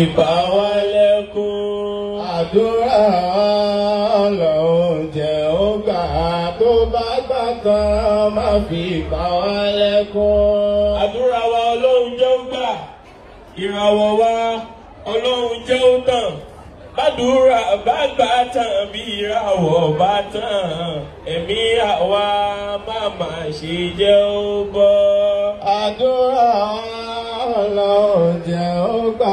ìbáwálẹ́kùn. àdúrà ọlọ́run jẹ́ ó gbà tó bá gbà tán má fi ìbáwálẹ́kùn. àdúrà wa ọlọ́run jẹ́ ó gbà ìràwọ̀ wa ọlọ́run jẹ́ ó tàn bàdúrà bá gbà tán bí ìràwọ̀ bá tàn ẹ̀mí àwa má má ṣe jẹ́ ó àdúrà wa ọlọ́run jẹ́ ó gbà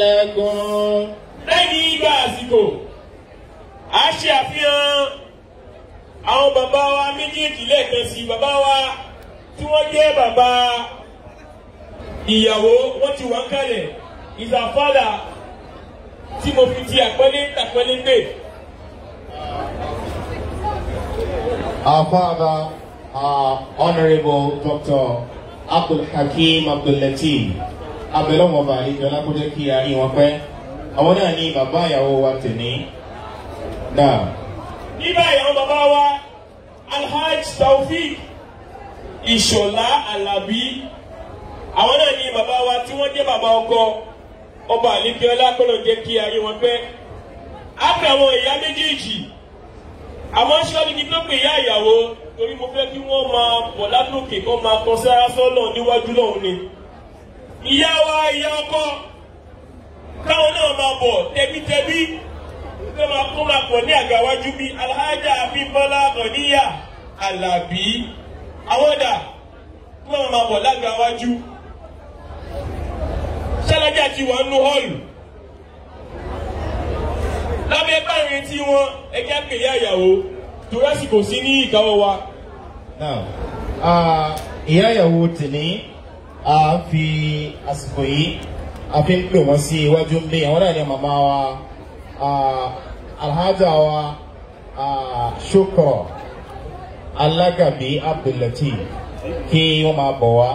lẹ́yìn ìgbà àsìkò a ṣe àfihàn àwọn bàbá wa méjèèjì lẹ́ẹ̀kan sí bàbá wa tí wọ́n jẹ́ bàbá ìyàwó wọ́n ti wá kalẹ̀ ìzàfàdà tí mo fi ti àpẹẹlẹ tàpẹẹlẹ gbé. àfàdà uh, honourable doctor Abdul Hakim Abdul Lateef abẹ́lọ́mọba ìjọba kó jẹ́ kí ayé wọn pẹ́ àwọn náà ní bàbá ìyàwó wa tẹ̀lé náà. ní báyìí àwọn bàbá wa Alhaj Taofeek Ìṣọ̀lá alabi. àwọn náà ní bàbá wa tí wọ́n jẹ́ bàbá ọkọ ọba àlekíọ́lá kó ló jẹ́ kí ayé wọn pẹ́ á àwọn ìyá méjèèjì àmọ́ ṣọ́ọ́dún kí tó pè ìyá ìyàwó torí mo fẹ́ kí wọ́n máa bọ̀ lálòkè kó máa kọ sára sọ́nà níwájú lọ́hùn ni. ìyá wa ìyá ọkọ káwọn náà máa bọ̀ tẹbítẹbí pé máa kó máa pọ̀ ní àgàwájú bíi alhaja abimbola ọ̀níyà alábí àwọn ọ̀dà kí wọ́n máa bọ̀ lágàwájú. sálájà ti wà nù họ́ọ̀lù lábẹ́ bá ń retí wọn ẹ̀jẹ̀ pè é àyàwó torí àsìkò sí ní ìkáwọ́ wa. ìyá ìyàwó tèmi a fi àsìkò yìí a fi ń pè wọ́n sí iwájú ń bí àwọn náà ní màmá wa alhaja wa ṣokọ̀ alágàbí abdullateef kí wọ́n máa bọ̀ wá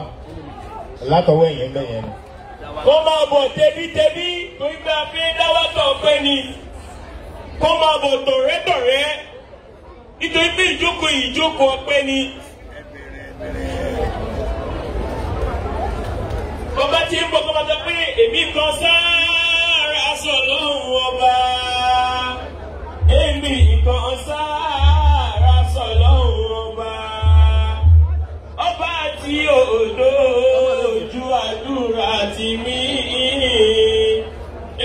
látọwọ́ ẹ̀yìn bẹ́ẹ̀ yẹn. kó máa bọ̀ tẹbítẹbí torí pé a fi ń dáwọ́ tọ̀ pé ni kó máa bọ̀ tọ̀rẹ́tọ̀rẹ́ nítorí pé ìjókòó yìí ìjókòó ọpẹ́ ni. ọba tí ń bọ̀ kọ́ máa sọ pé èmi kan sáárà aṣọ lọ́hùn ọba èmi kan sáárà aṣọ lọ́hùn ọba ọba tí òdo ojú àdúrà ti mí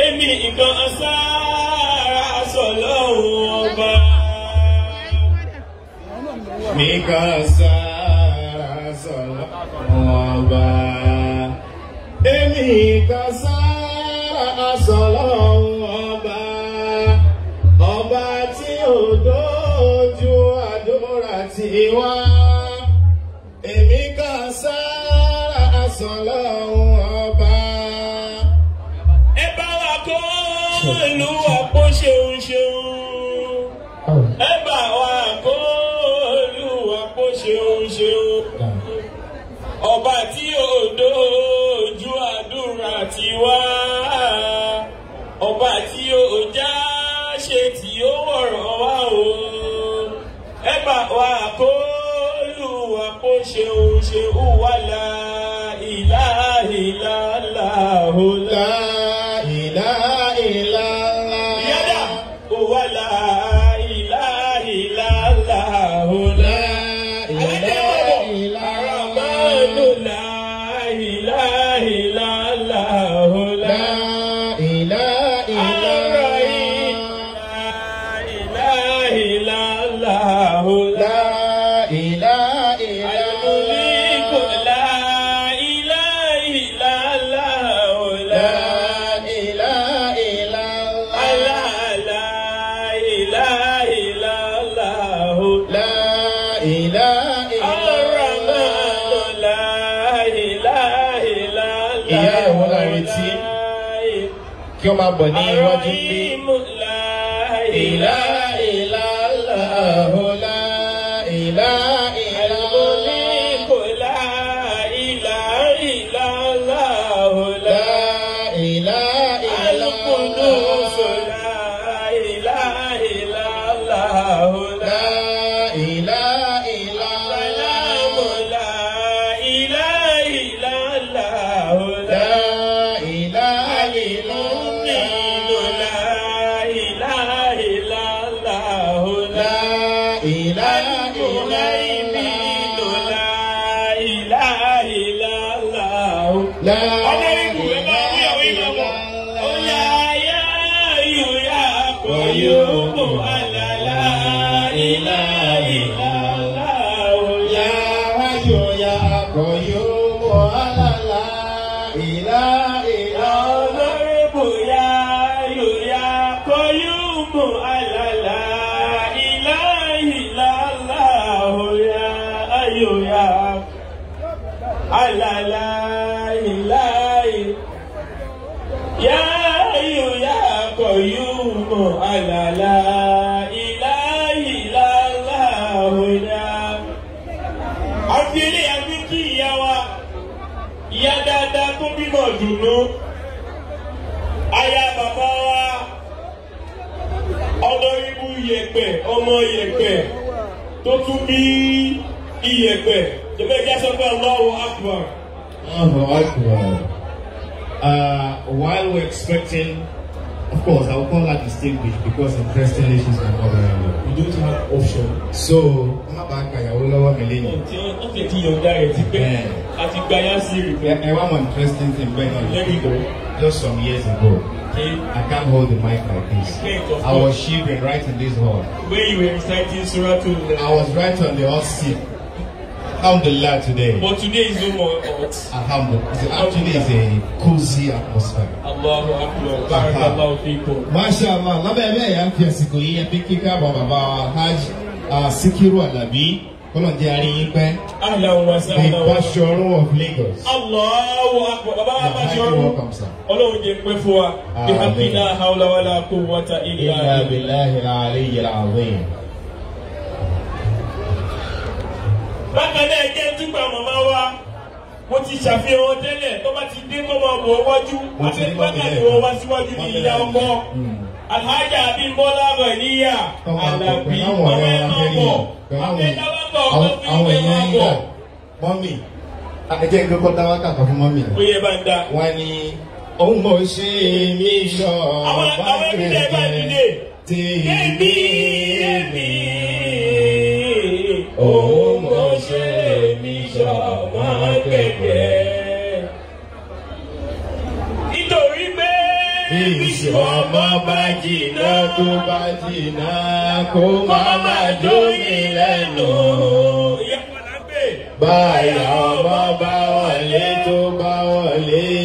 èmi kan sáárà aṣọ lọ́hùn ọba. Emi kan sára sọ̀rọ̀ ọba. Èmi kan sára sọ̀rọ̀ ọba. Ọba tí ò tiwa. Èmi kan sára wá ọba tí ó já ṣe tí ó wọ̀rọ̀ wá o ẹ bá wa kó lù wá kó ṣeun ṣeun wà láà ìlà ìlà làhùn láà. kí ó máa bọ̀ ní iwájú pé. ìlà ìlà ìlà ọ̀la ìlà. pẹ́ jẹ́pẹ́ ẹ̀jẹ̀ sọ pé Allahu Akbar. Allahu Akbar. Uh, while we're expecting, of course, I will call that distinguished because in Christian relations and all that. We don't have option. So, má bàa ka ìyàwó lọ́wọ́ Okay, lẹ́yìn. Ọ̀tí ọ̀tí ti yọ̀ǹda rẹ̀ ti pẹ́ àti gbaya sí rẹ̀. Ẹ interesting thing bẹ́ẹ̀ náà. Lẹ́yìn ìgbò. Just some years ago. I can't hold the mic like this. I was shivering right in this hall. When you were reciting Surah to I was right on the hot seat. Alhamdulillah today. But today is no more hot. Alhamdulillah. Actually, it's a cozy atmosphere. Allahu Akbar. Barakallahu people. MashaAllah. Lábẹ́ ẹ̀rẹ́ ẹ̀yà ń fi àsìkò ya pikika kíkà bọ̀ bàbá Sikiru Alabi. Kọ́lọ̀ jẹ́ arí yín pẹ́. Aláwọ̀ wa The Bashoru of Lagos. Allahu Akbar. Bàbá wa Bashoru. Ọlọ́run jẹ́ pẹ́ fún wa. Bí Hamdina Hawlawala kò wọ́ta ilé. Ilé abilahi alayi yẹra àwọn èèyàn. mo ti ṣàfihàn wọn tẹ́lẹ̀ tó bá ti dé kọ́mọ wò wájú àti gbàgbé wò wá síwájú ní ìyá ọkọ alhaja Abímbọ́lá Gàníyà Àlàbí ọmọ ẹ̀ máa bọ̀ abẹ́dáwàbọ̀ ọmọ fi ń bẹ̀ máa bọ̀. mọ́mì ẹjẹ́ ìgbẹ́kọ̀ fún mọ́mì rẹ̀. ó bá ń da. wọ́n ní òun mọ̀ ṣe mí sọ bá rẹ̀ jẹ́ tèmi èmi. ọmọ bá jìnnà tó bá jìnnà kó má má dómi lẹ́nu. báyà ọmọ bá wọlé tó bá wọlé.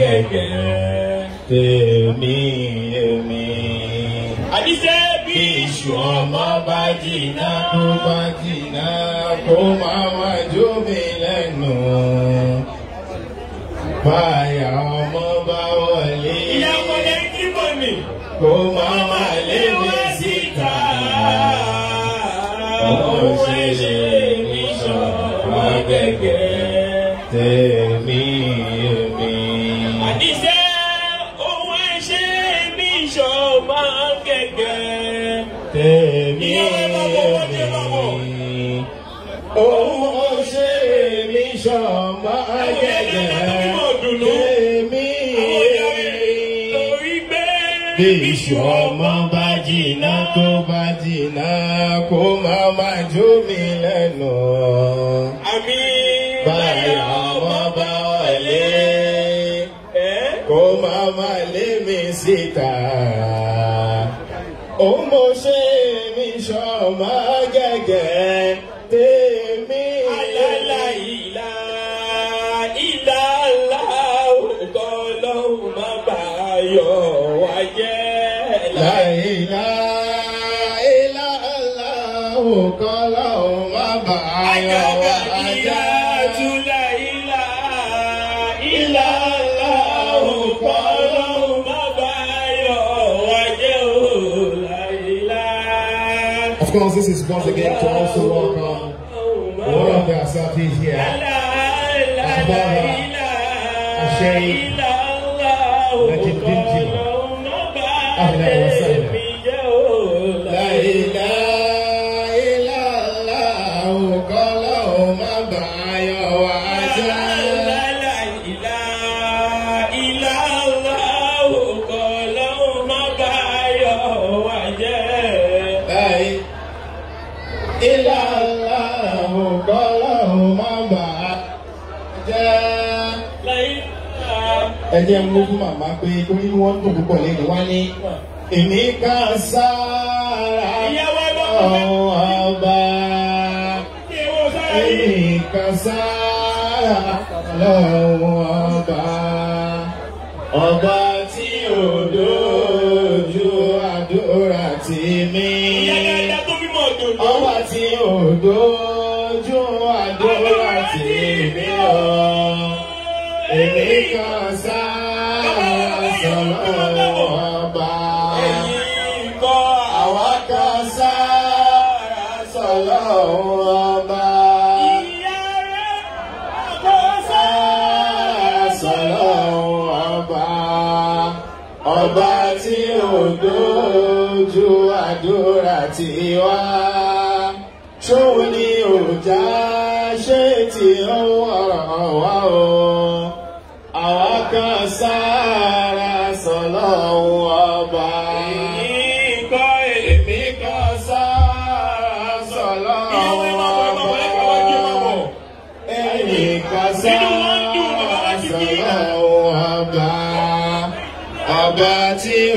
gẹ́gẹ́ tèmi èmi. àdìsẹ́ bí iṣu ọmọ bá jìnnà tó bá jìnnà kó máa wá jó mi lẹ́nu. báyà ọmọ bá wọlé. ìyàwó lẹ́yìn bòmí. kó sọmọ ayẹyẹ èmi bí iṣu ọmọ bá jìnnà tó bá jìnnà kó má má jó mi lẹ́nu. báyà ọmọ bá wọlé kó má má lé mi síta. ó mọ̀ ṣe mi sọ̀mọ́. Of course, this is once again to also welcome one of our Asatis here, Ashbara, jẹ́ ń wó fún màmá pé torí wọ́n dùn púpọ̀ lẹ́nu wá ní èmi ká sáà.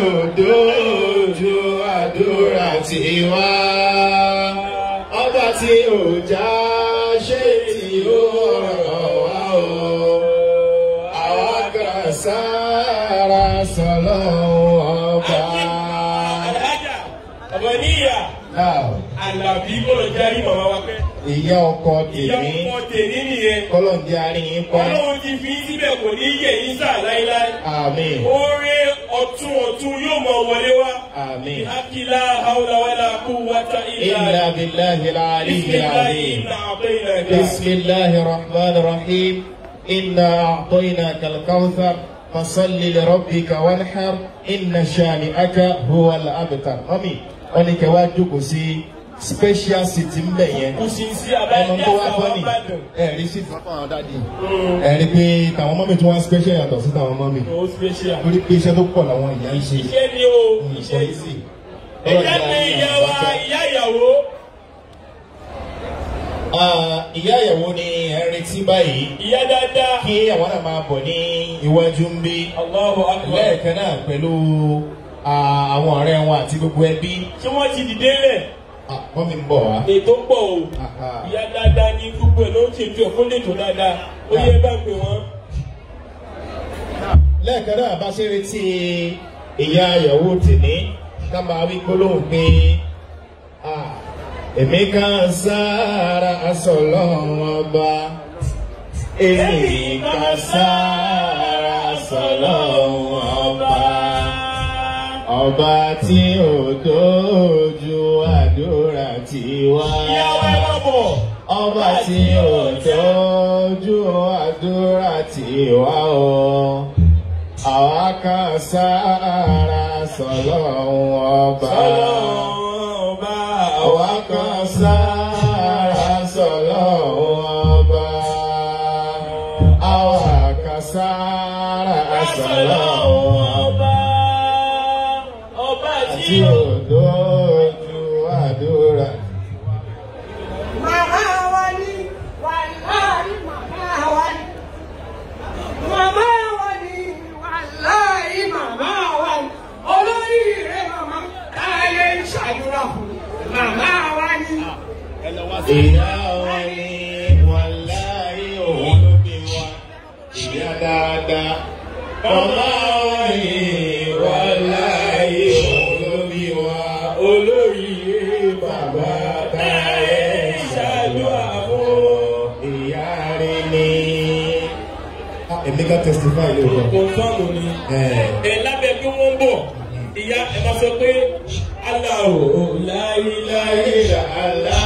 òdojú àdúrà tiwa ọba tí ò já ṣe tí ó rọ̀ wá o àwa kan sára sọlọ ọba. ọmọ níyà àlàbí bọ́lọ̀ járí màmá wa pẹ́ ìyá ọkọ tèmi ìyá ọkọ tèmi nìyẹn kọlọ́ọ̀dé aríyìn pa ọlọ́run ti fi síbẹ̀ kò ní yẹ̀ yín sáà láéláé àmín oore إلا, إلا بالله العلي العظيم بسم الله الرحمن الرحيم إنا أعطيناك الكوثر فصل لربك وانحر إن شانئك هو الأبتر آمين ولك واجبك سي special city ń bẹ̀ yẹn ẹnu tó wá fọ́ ni ẹ̀rí sí fún àwọn dáàdi ẹ̀rí pé tàwọn mọ́mì tó wá special yàtọ̀ sí tàwọn mọ́mì lórí pé iṣẹ́ tó pọ̀ làwọn ìyá ń ṣe iṣẹ́ ni o mm, iṣẹ́ yìí ìyá ni ìyá wa ìyá ìyàwó. ìyá ìyàwó ni ẹ ń retí báyìí ìyá dáadáa kí àwọn náà máa bọ̀ ní iwájú ń bí lẹ́ẹ̀kan náà pẹ̀lú àwọn ọ̀rẹ́ wọn àti gbogbo ẹbí. ṣé wọ́n ti dìde lẹ̀. Ah, wọ́n mi ń bọ̀ wá. ètò ń bọ̀ o ìyá dáadáa ní gbogbo ẹ̀ ló ń ṣe ju ọ̀fun lè dáadáa ó yẹ bá gbé wọn. lẹ́ẹ̀kan náà bá ṣe retí ìyá ìyàwó tèmi ká máa wí gbólóhùn pé èmi kan sára aṣọ lọ́wọ́ ọba èmi kan sára aṣọ lọ́wọ́ ọba ọba tí ò dojú tiwa. Ìyàwó ẹ máa bọ̀. Ọba tí ò tọ́jú àdúrà tiwa o. Àwa kan sára sọ̀lọ́ ọba. Ọba àwa kan sára sọ̀lọ́ ọba. Àwa kan sára sọ̀lọ́ ọba. Ọba tí ò. testify ló kọ. kọ̀ǹfàmù ni ẹ lábẹ́ bí wọ́n ń bọ̀ ìyá ẹ máa sọ pé aláwọ̀ láyé láyé làálàá.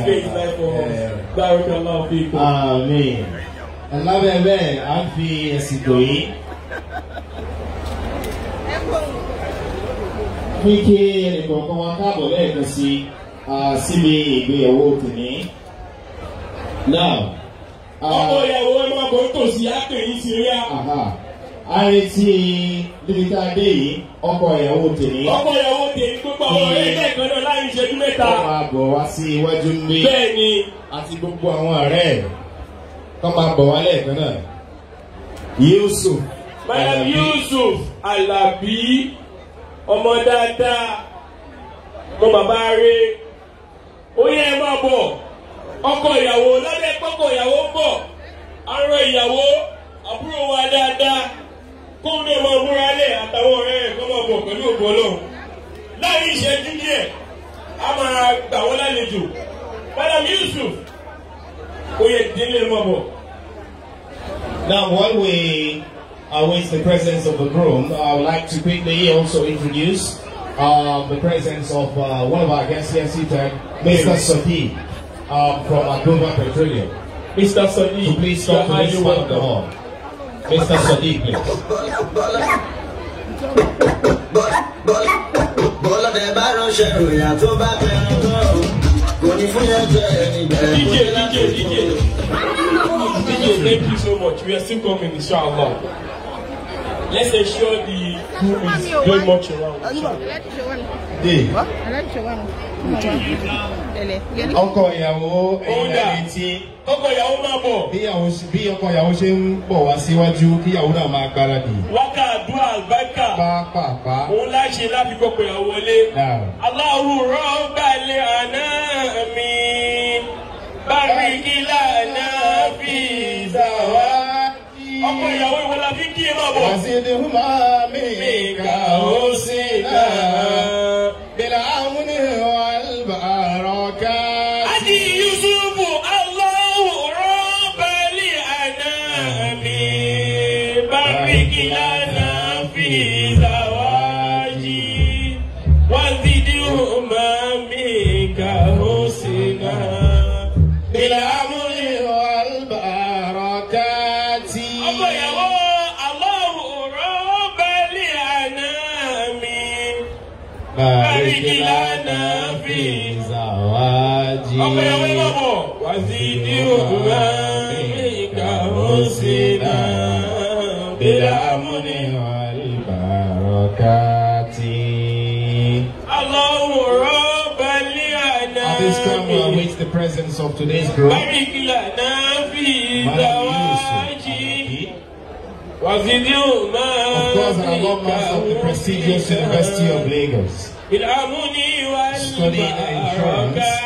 space life for gbàrúkọ lọ́wọ́ fi kú. Amen. Ẹ lábẹ́ bẹ́ẹ̀, à ń fi ẹ̀sìn tò yín. Kíkí ẹnìkọ̀ọ̀kan wa káàbọ̀ lẹ́ẹ̀kan sí síbi ìgbéyàwó tòní. Now. Ọkọ ìyàwó ẹ máa bọ̀ nítòsí ápè yín sí rí à. Àrètí níbi tá a dé yìí, ọkọ ìyàwó tòní. Ọkọ ìyàwó tòní gbogbo àwọn ọ̀rẹ́ níta. wọ́n máa bọ̀ wá sí iwájú ní. bẹ́ẹ̀ni. àti gbogbo àwọn ọ̀rẹ́ kọ́ máa bọ̀ wá lẹ́ẹ̀kan náà. Yusuf. Madam Yusuf Alabi ọmọ dáadáa mo bàbá rẹ̀ ó yẹ ẹ máa bọ̀ ọkọ ìyàwó lábẹ́ pọ́kọ̀ ìyàwó ń bọ̀ arọ ìyàwó àbúrò wa dáadáa kó ní ọmọ múra lẹ̀ àtàwọn ọ̀rẹ́ rẹ̀ kọ́ máa bọ̀ pẹ̀lú ògbọ́n náà láàrin ìṣẹ́jú díẹ̀ a máa gbà wọ́n Madam Yusuf Oyedele Mabo. Now, while we await the presence of the groom, I would like to quickly also introduce uh, the presence of uh, one of our guests here seated, Mr. Sadi uh, um, from Agova Petroleum. Mr. Sadiq, please come to this part of the hall. Mr. Sadiq, please bọ́lọ́dẹ bá ránṣẹ́ ròyà tó bá tẹnu tán kò ní fún yẹn jẹ ìgbẹ́ kó lè láti fún DJ, thank you so much. We are still coming, inshallah. Let's ensure the crew is oh, very much around. Day. Ọkọ ìyàwó ẹ̀yìn ẹ̀yìn tí kọ́kọ́ ìyàwó máa bọ̀. bí ọkọ ìyàwó ṣe ń bọ̀ wá síwájú kí ìyàwó náà máa gbáradì. wákà àdúrà àlùbáríkà. pàápàá. òun láṣẹ láti kọ́kọ́ ìyàwó wọlé. aláwo rọ balẹ̀ àná mi bárí kílà náà fi ìsàwá. ọkọ ìyàwó ìwọlá fi kí ẹ máa bọ̀. àti ìdìhùn máa mi kà ó sí náà. the presence of today's group. Of course, an alumnus of the prestigious University of Lagos, studying in France.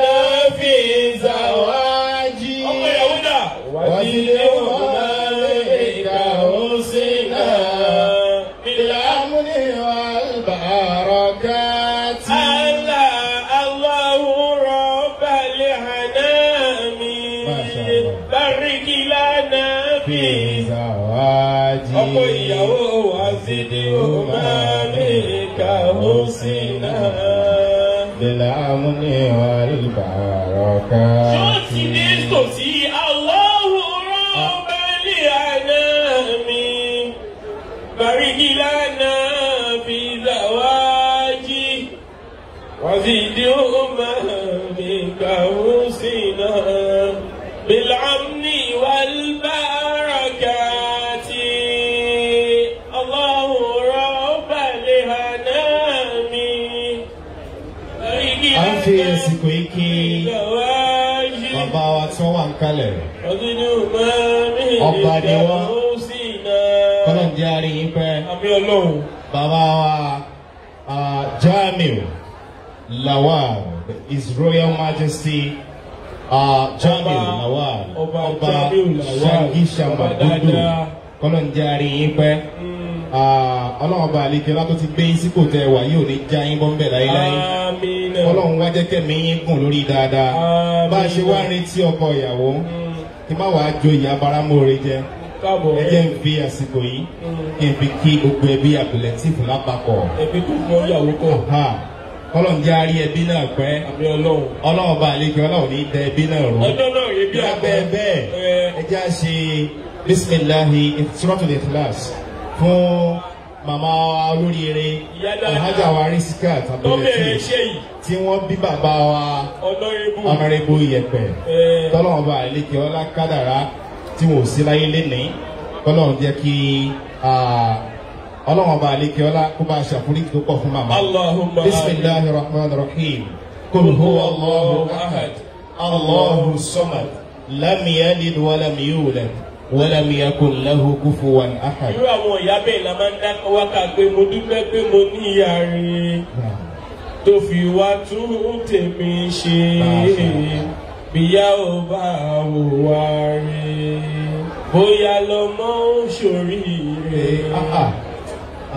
àmúlé wa rí bàrọ̀ kalẹ̀. ọba ni wọ́n kọ́lọ̀ ń jẹ́ àríyìn pẹ́. bàbá wa Jamiu Lawal His Royal Majesty. Uh, Jamiu Lawal ọba Ṣangi Ṣàmbá dúdú kọ́lọ̀ ń jẹ́ àríyìn pẹ́ hmm. ọlọ́run ọba àlejò látó ti gbé yín sípò tẹ́ wà yóò ní já yín bọ́ńbẹ̀ láyéláyé ọlọ́run wá jẹ́ kẹ́mi yín gùn lórí dáadáa bá a ṣe wá retí ọkọ ìyàwó hmm. kí má wàá jo ìyá baramóore jẹ ẹ ń fi àsìkò yìí hmm. kí n fi kí gbogbo ẹbí àbùlẹ̀tìfù lápapọ̀. ẹbí tó mọ ìyàwó kọ. Ọlọ́run jẹ́ àárí ẹbí náà pẹ́ Ọlọ́run bá àlejò Ọlọ́run ní dẹ ẹbí náà rú. ọjọ́ náà ẹbí àpẹ́ bẹ́ẹ̀ ẹ jẹ́ àṣe màmá olóríire alhaja wa rísíkà tábìlẹ̀tì tí wọ́n bí bàbá wa ọmọrẹ́bù yẹpẹ̀ tọ́lọ́wọ́n bá àlékè ọlá kádàrá tí wọn ò sí láyé lénìí kọ́lọ́run jẹ́ kí ọlọ́wọ́n bá àlékè ọlá kó bá aṣàforí tó pọ̀ fún màmá. bisimilahi rahman rahim kul huwa allahu ahad allahu samad lam wa lam wọ́lẹ́mi ẹkùn lẹ́hùn kúfu wà ní àhà. irú àwọn ìyá bẹ́ẹ̀ la máa ń dá wákà pé mo dúpẹ́ pé mo ní ìyá rẹ̀ tó fi wá tún tèmi ṣe bíyá ò bá wò wá rẹ̀ bóyá lọ́mọ ń ṣoríire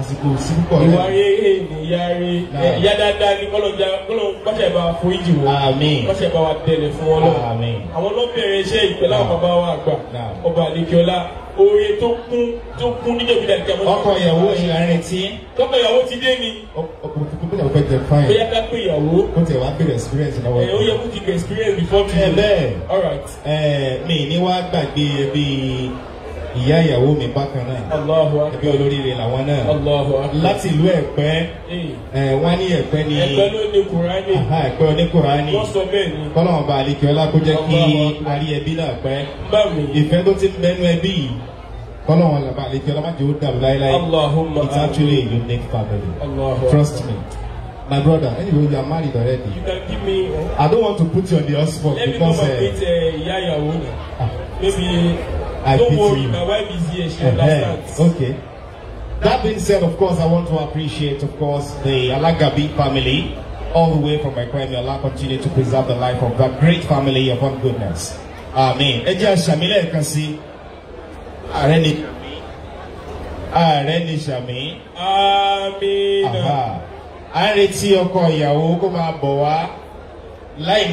àsìkò sí púpọ̀ rẹ̀. ìwà rere ìyá rere ìyá dáadáa ní kọ́lọ́jà kọ́lọ́ gbọ́sẹ̀ bá foríjì wọn. àmín gbọ́sẹ̀ bá wa tẹ̀lé fún wọn náà. àmín àwọn lọ́bẹ̀rẹ̀ iṣẹ́ ìpẹ́lá bàbá wa àgbà ọba àlekíọ́lá oore tó kún tó kún níjẹ̀bi dàgbà. ọkọ ìyàwó ìrìn tí. tọkọ ìyàwó ti dé ni. ọkùnrin tó bẹ̀rẹ̀ fẹ́ fine. bóyá ká pé ìyàwó. kó tẹ̀ wá bẹ̀rẹ̀ experience náà. ẹ ó yẹ kó ti bẹ̀rẹ̀ experience before today. ẹ mi ní wá gbàgbé ẹbí ìyá ìyàwó mi bákan náà ẹbí olóríire làwọn náà láti ìlú ẹ̀pẹ́ wọ́n ní ẹ̀pẹ́ ní ẹ̀pẹ́ ní kùránì ẹ̀pẹ́ ní kùránì kọ́lọ́mọba àlìkẹ́ ọlá kó jẹ́ kí arí ẹbí náà pẹ́ ìfẹ́ tó ti mẹ́nu ẹbí yìí kọ́lọ́mọ làbá àlìkẹ́ ọlá má jẹ́ ó dàrú láéláé it's actually a unique family trust me. My brother, anyway, you are married already. You can give me. Uh, I don't want to put you on the hot spot Let because. Let me come uh, and eh, meet uh, Yaya Wona. Ah. Maybe I Don't worry, you. my wife is here. She understands. Okay. That being said, of course, I want to appreciate, of course, the Alagabi family, all the way from Ekwe. May Allah continue to preserve the life of that great family upon goodness. Amen. Ẹ jẹ́ Ṣàmílẹ̀ ẹ̀kan sí. Ààrẹ ni Ààrẹ ni Ṣàmí. Amina. À ń retí ọkọ ìyàwó kó máa bọ̀ wá láì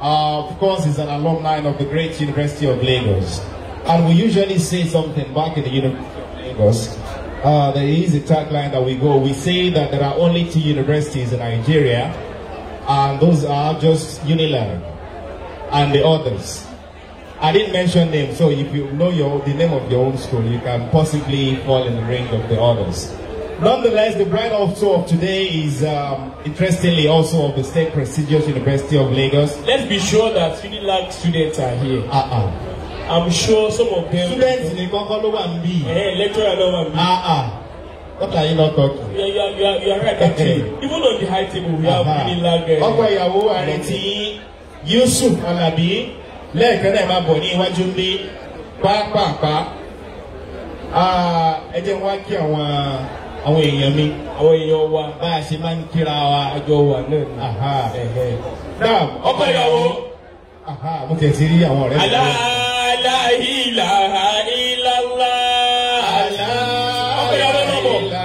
Uh, of course, he's an alumni of the great University of Lagos. And we usually say something back in the University of Lagos. Uh, there is a tagline that we go. We say that there are only two universities in Nigeria, and those are just Unilag and the others. I didn't mention names, so if you know your, the name of your own school, you can possibly fall in the range of the others. Nonetheless, the brand also of today is um, interestingly also of the state prestigious University of Lagos. Let's be sure that UNILAG students are here. Uh-uh. I'm sure some of them. Students in Ikokolo and B. Eh, lecturer and B. Uh-uh. What are you not talking? Yeah, you are, you are, you are right actually. Uh-huh. Even on the high table, we uh-huh. have UNILAG. Eh, Ọkọ ìyàwó àrètí Yusuf Alabi lẹ́ẹ̀kan náà máa bọ̀ ní iwájú ní pápápá. Uh, ẹ jẹ́ wá kí àwọn àwọn èèyàn mi àwọn èèyàn wa bá a ṣe máa ń kíra wa àjọ wa náà ni. náà ọkọ ìyàwó. mo tẹ̀ sí rí àwọn ọ̀rẹ́ mi. aláìláha ìlàlá. aláìláha ìlàlá.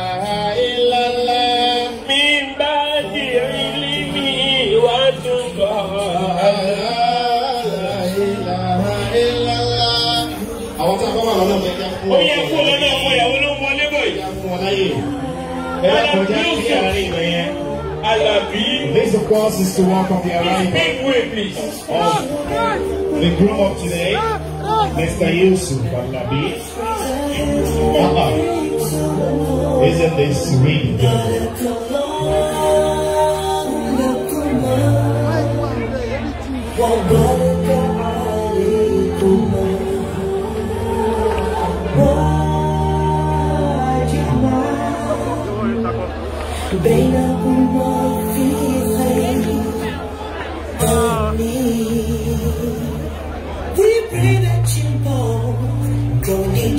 à l'habit. This of course is to welcome the arrival of the groom of today, Mr. Yusuf Alabi. Uh Isn't this really beautiful?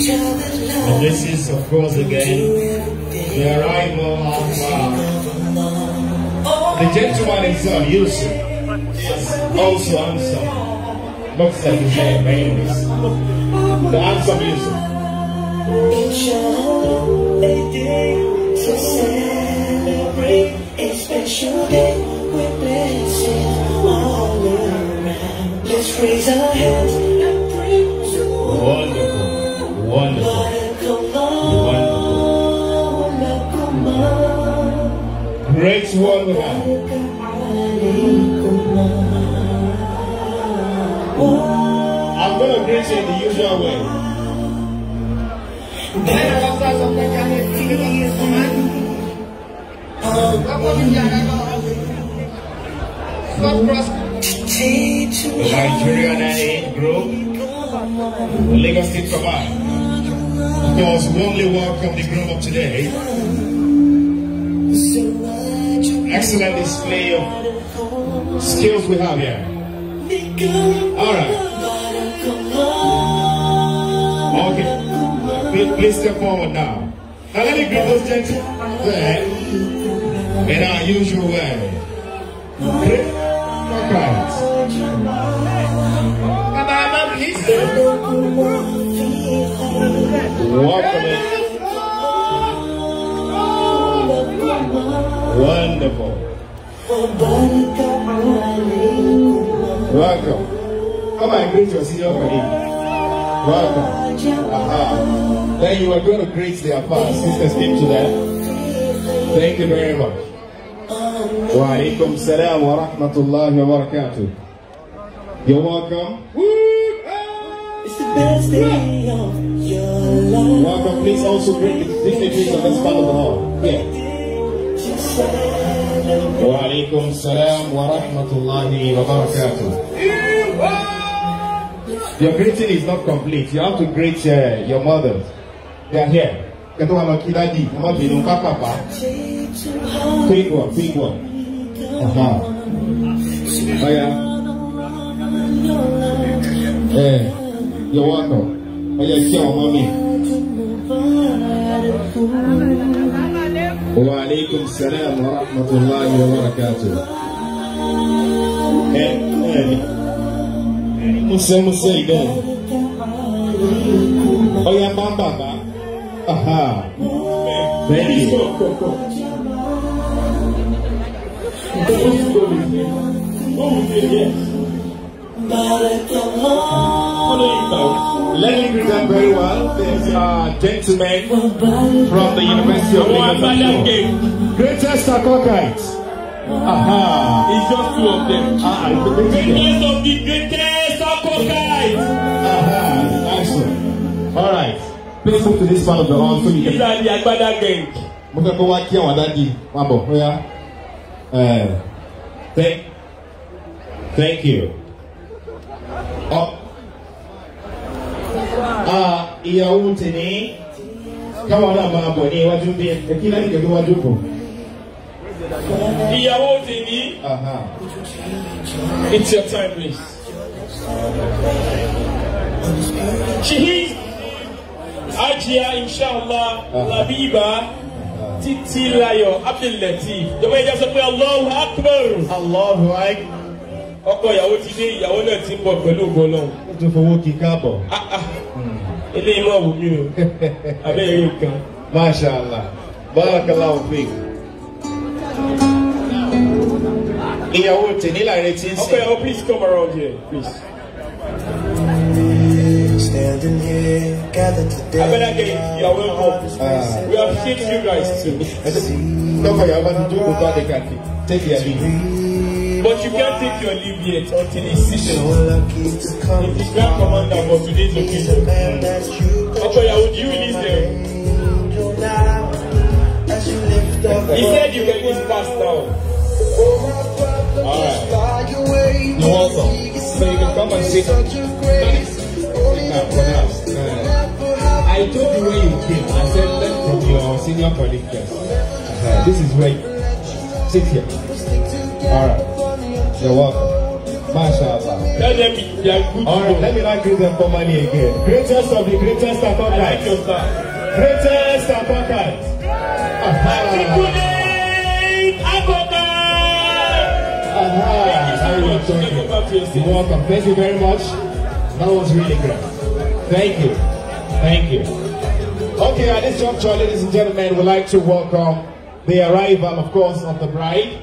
And this is, of course, again, the arrival of uh, the gentleman himself, Yusuf, is also handsome. Looks like he's there, anyways. The handsome Yusuf. Let's raise our hands. Great wonder. I'm gonna greet you in the usual way. Nigerian 98 group, Lagos State Command. Of course, warmly welcome the group of today excellent display of skills we have here. Alright. Okay. Please, please step forward now. Now let me greet those gentlemen in our usual way. Welcome. Wonderful. Welcome. Come and greet your senior friend. Welcome. Aha. Then you are going to greet their Sister, sisters to that. Thank you very much. Wa alaikum salam wa rahmatullahi wa barakatuh. You're welcome. It's the best day of your life. Welcome. Please also bring, the dignitaries of this part of the hall. Yeah. وعليكم السلام ورحمة الله وبركاته Your greeting is not complete. You have to greet uh, your mother. They are here. Ketua Loki Daddy, Mama Binu Papa. Pick one, Pick one. Aha. Oh yeah. Eh, you're welcome. Oh yeah, see your mommy. وعليكم السلام ورحمة الله وبركاته musa musa yìí náà ọyà bá ń bàbá bẹ́ẹ̀ ni. Thank you let me greet them very well. There's a uh, gentleman from the University of Lagos. Greatest Akokite. Aha. It's just two of them. Ah, uh the greatest of the greatest Akokite. Aha. Nice one. All right. Please move to this part of the hall so you can. These are the Agbada gang. Mo fẹ́ kó wadadi. kí àwọn adájí wá eh, Thank you ìyàwó tìní káwọn náà máa bọ̀ ní iwájú bí ẹkí náà nìkan níwájú kù. ìyàwó tìní it's your time please. Shehi Ajia inshallah Labiba Titilayo Abdul Latif. Jọba ìjà sọ pé Allahu Akbar. Allahu Akbar ọkọ ìyàwó ti dé ìyàwó náà ti ń bọ̀ pẹ̀lú ògbọ́n náà. ó ti fowó kí káàbọ̀. Ah, ah. eléyìí máa wò mí o abẹ́rẹ́ nǹkan. Masha Allah barakallahu fik. ìyàwó tèmi láre ti ń sìn. ọkọ ìyàwó please come around here please. Standing here, ìyàwó ń ah. We have seen you guys too. Lọ́kọ̀ ìyàwó bá ti dúró bá dé káàkiri. Take care of me. But you can't take your leave yet until it's season. If the grand commander for today's occasion, I would you release them? He said you can just pass down. Oh, Alright. No, welcome. So you can come and sit. I told you where you came. I said, learn from your senior colleague. Yes. Uh-huh. This is where you sit here. Alright. You're welcome. MashaAllah. Tell them they are good. Alright, let me not greet them formally again. Greatest of the greatest apocalypse. Greatest apocalypse. Happy today, apocalypse. You're welcome. Thank you very much. That was really great. Thank you. Thank you. Okay, at this juncture, ladies and gentlemen, we'd like to welcome the arrival, of course, of the bride,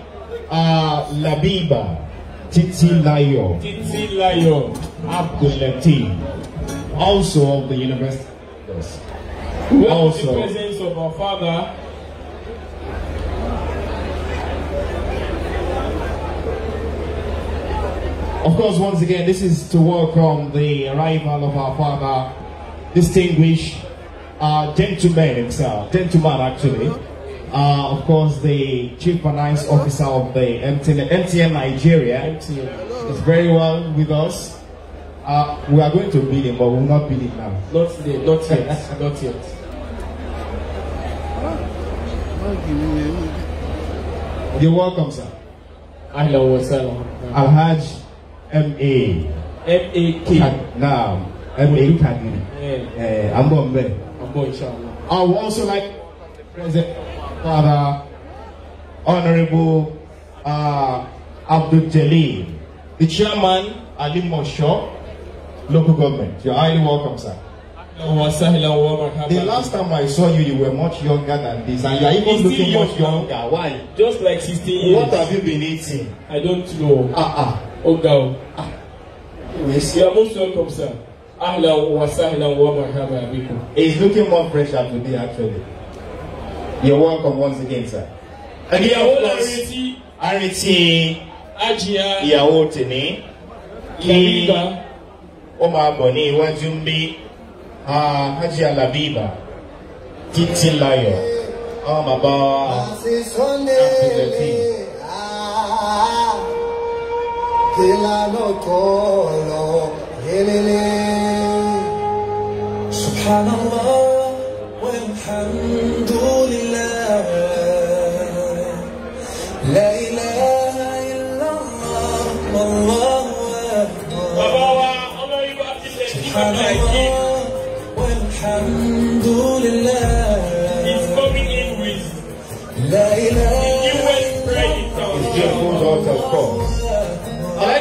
uh, Labiba. Titilayo. Titilayo Abdulateem, also of the University. We also, the presence of our father, Of course, once again, this is to welcome the arrival of our father, distinguished uh, gentleman himself, gentleman actually, Uh, of course, the Chief Finance Officer of the MTN, MTN Nigeria MTN. is very well with us. Uh, we are going to beat him, but we will not beat him now. Not today, not yet, not yet. You're welcome, sir. Ahlan wa salam. Alhaj M.A. M.A.K. Now, M.A. Kadiri. Yeah. Eh, I'm going there. I'm going, inshallah. I would also like the president. Father honourable uh, Abdul Jalil, the chairman Ali Mosho, local government. You're highly welcome, sir. The last time I saw you, you were much younger than this, and you are even looking much younger. Why? Just like 16 years. What have you been eating? I don't know. Ah ah. Oh, God. Ah. Yes. You are most welcome, sir. Ahlan wa sahlan wa marhaba bikum. looking more fresh today, actually. You're welcome once again, sir. Again, of course, Ariti ìyàwó tèmi kí ó máa bọ̀ ní iwájú ń bí Hajia Labeebah títí láyọ̀ àwọn bàbá àpilẹ̀tì. Ìlànà tọ̀ọ̀lọ̀ yẹlẹ́lẹ́. Subhanallah wa alhamdulillah.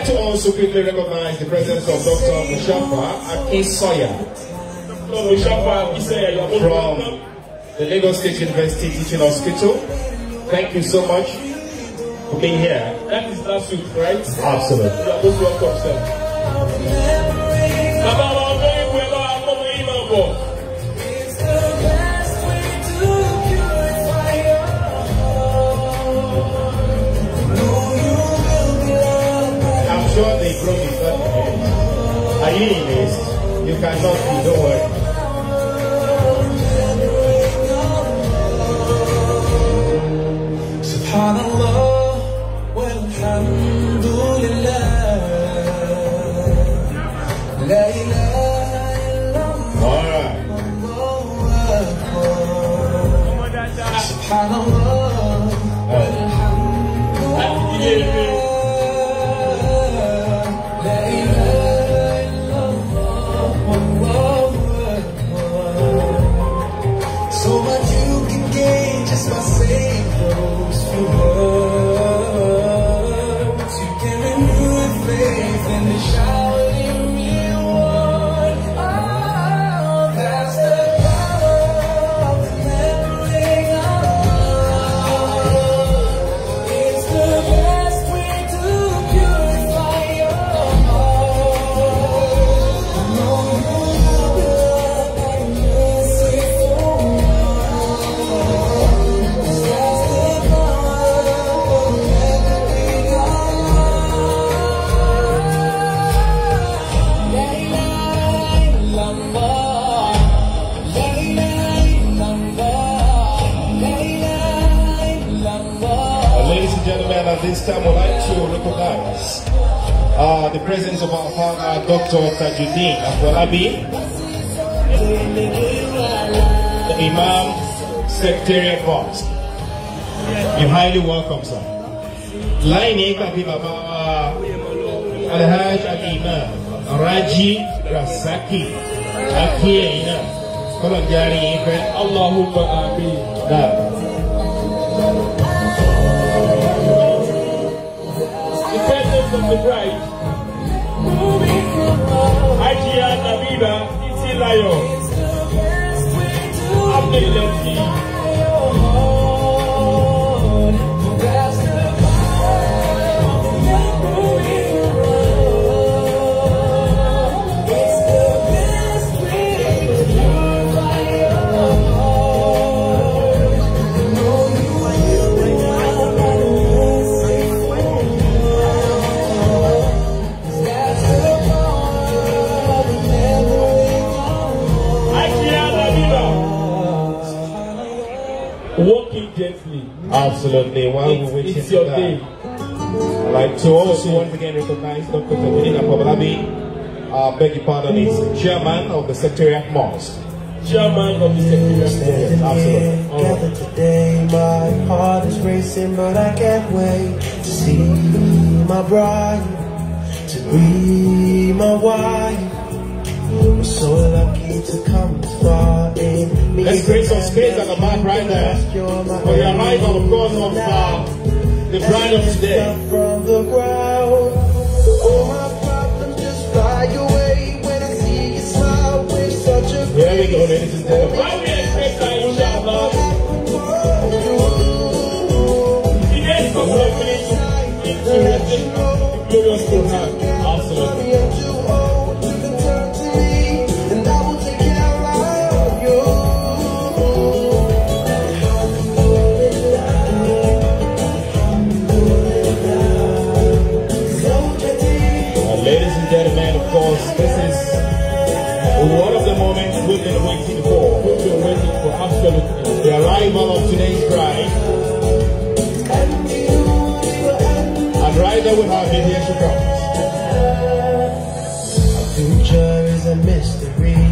to also quickly recognize the presence of Dr. Mushafa Akisoya. From the Lagos State University Teaching Hospital. Thank you so much for being here. That is that suit, right? Absolutely. You are welcome, sir. you cannot be, don't worry. presence of our father, Dr. Tajuddin Abdulabi, the Imam Secretariat Box. You're highly welcome, sir. Laini Kabibaba Alhaj Al-Imam Raji Rasaki Akiyina Kolonjari Allahu Allahumma Amin. The presence of the bride gbígbà títí láyọ̀ abẹ́lẹ̀ fi. Absolutely. While it's, we're waiting for that, day. I'd like to also once again recognize Dr. Katerina Pabalabi, uh, beg your pardon, is chairman of the Secretariat Mosque. Chairman of the Secretariat Mosque. Yes, absolutely. All right. Today, my heart is racing, but I can't wait to see my bride, to be my wife. We're so lucky to come far in Let's create some space at the back right there. For the arrival, of God, of uh, the bride of today. Here we go, ladies and gentlemen. Right here, space time, inshallah. Yes, I'm opening into the glorious full time. the arrival of today's bride. And right there we have it, here she comes. Future is a mystery.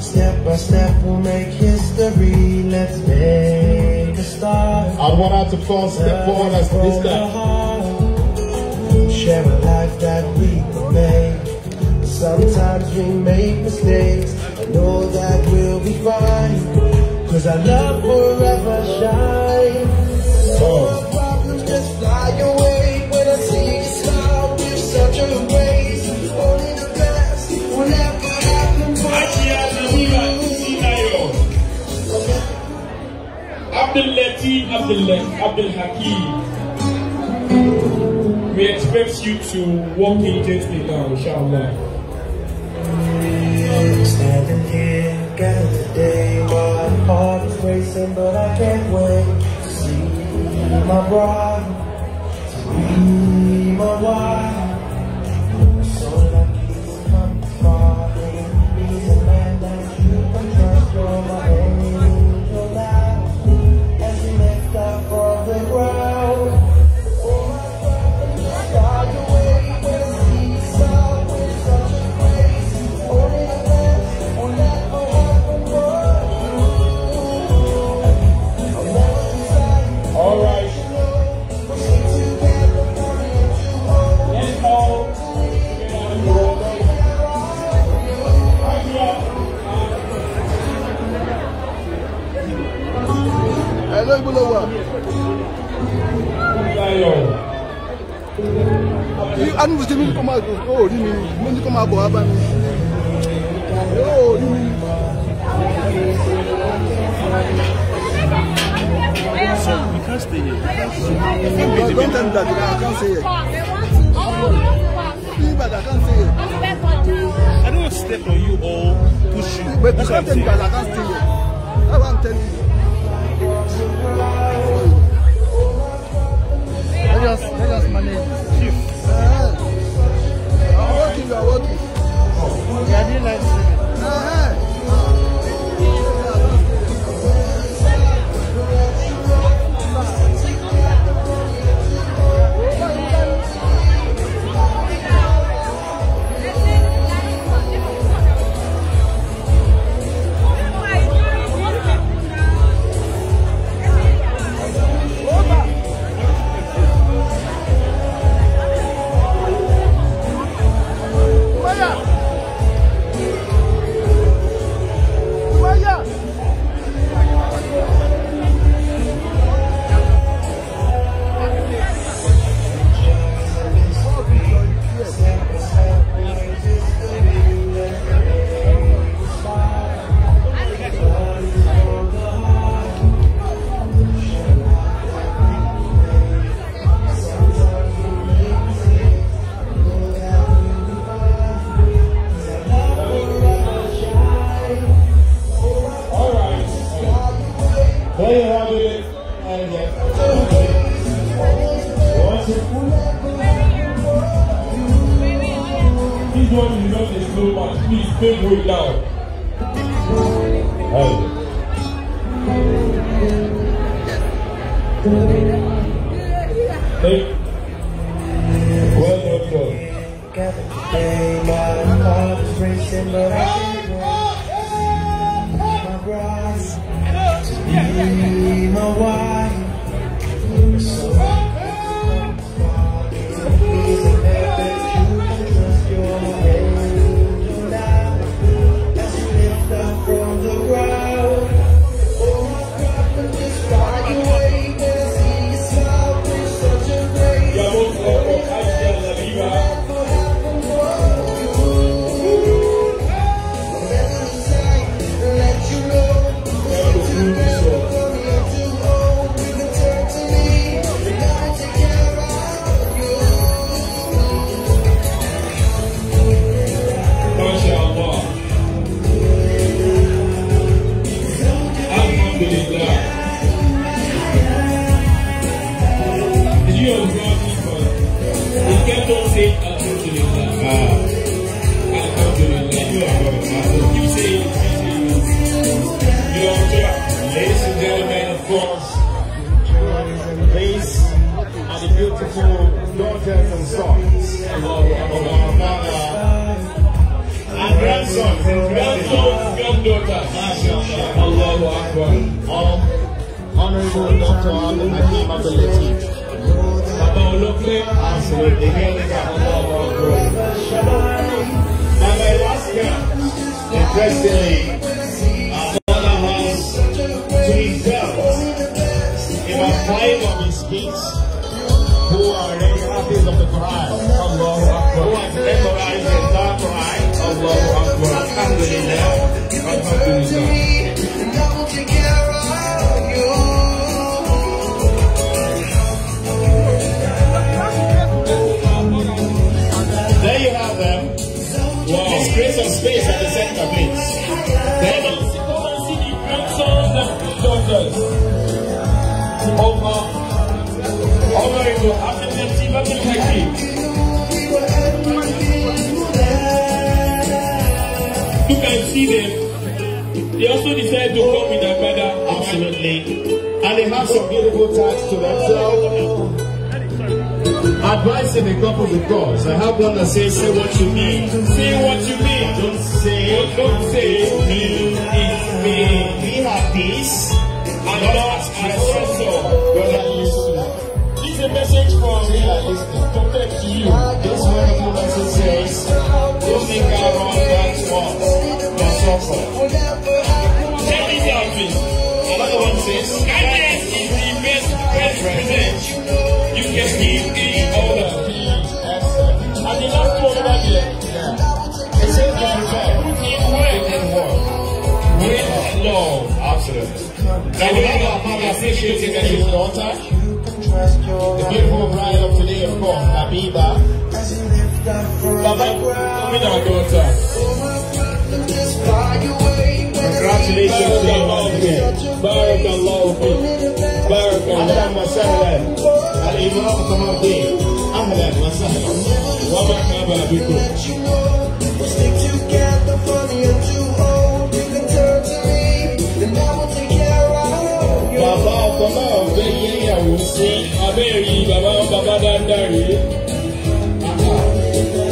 Step by step we'll make history. Let's make a start. I want her to come step forward as this time. Share a life that we can make. Sometimes we make mistakes. I know that we'll be fine. Cause our love forever shines. Oh. Problems just fly away when I see you smile. with such a waste. Only the best will ever happen. Abdul Latif, Abdul Abdul Hakim. We expect you to walk in gently now, inshallah. but I can't wait to see my bride. certain get in the last one the prefer, With love, absolutely. Now we have our daughter, the beautiful bride of today, with our daughter. Congratulations to all أهلا وسهلا الإمام كمال الدين أهلا وسهلا ومرحبا بكم Bàbá ọkọ náà gbé yíyàwó sí abẹ́rẹ́ rèé.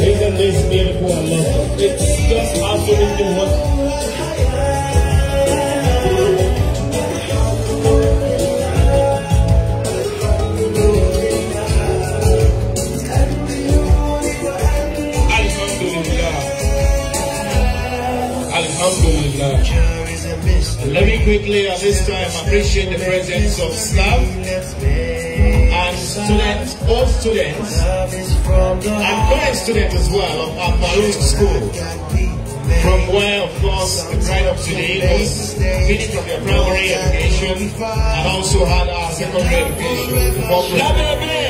Isn't this beautiful and It's just absolutely wonderful. quickly at this time appreciate the presence of staff and students, all students, and current students as well of Apollo School, from where, of course, the pride of today was finished of their primary education and also had our secondary education.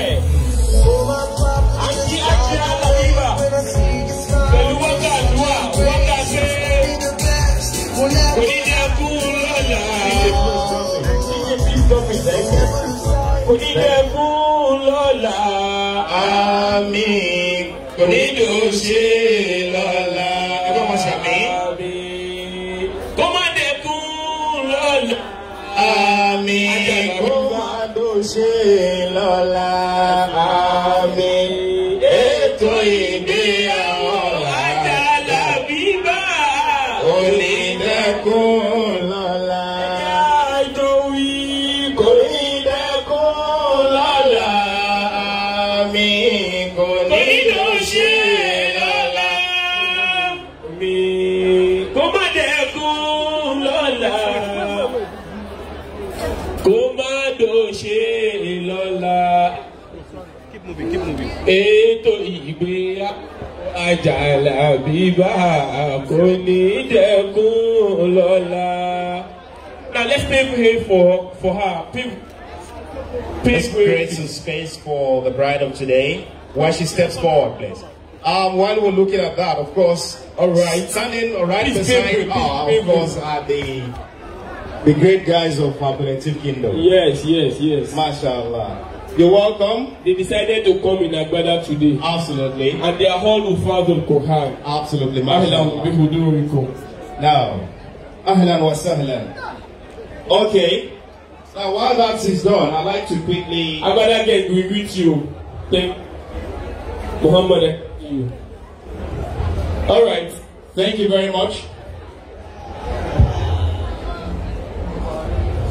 pave way for, for her. Pave, pave way. Create some space for the bride of today while she steps forward, please. Um, while we're looking at that, of course, all right, standing right please beside pave, her, pave, of course, are the the great guys of our Palliative Kingdom. Yes, yes, yes. Mashallah. You're welcome. They decided to come in Agbada today. Absolutely. And they are all who fathom Quran. Absolutely. Mashallah. Ahlan people do Now, Ahlan wa sahlan. Okay. Now, while that is done, I'd like to quickly. Agbada get we greet you. Thank Muhammad. You. All right. Thank you very much.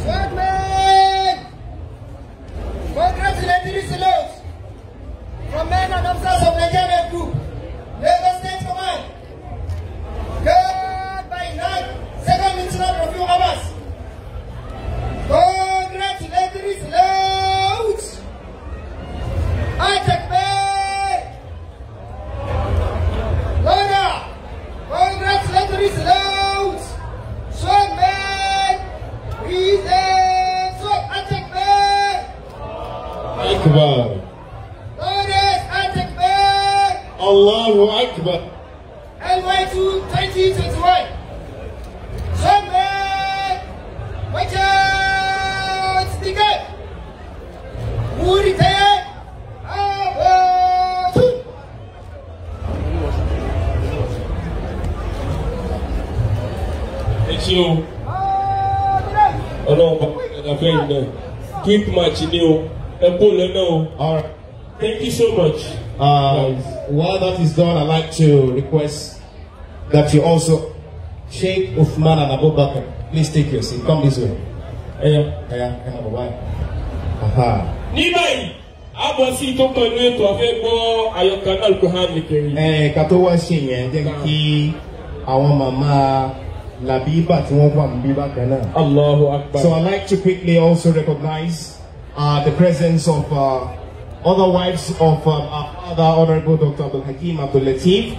Segment. Congratulatory salutes from men and officers of Nigeria. match ni o ẹ kó lẹ́nà o. Thank you so much. Uh, while that is done, I'd like to request that you also shake Ufman and Abubakar, please take your seat. Come this way. Ẹyà ẹyà ẹyà bàbá yìí. Ní báyìí, a bọ̀ sí tó kàn ní ètò àfẹ́ gbọ́ àyọkà náà kò hàn nìkẹ́rì. Ẹ ká tó wá ṣe yẹn jẹ́ kí àwọn màmá Labiba tí wọ́n wà ń bákan náà. Allahu Akbar. So I'd like to quickly also recognize. uh, the presence of uh, other wives of um, our father, Honorable Dr. Abdul Hakim Abdul Latif.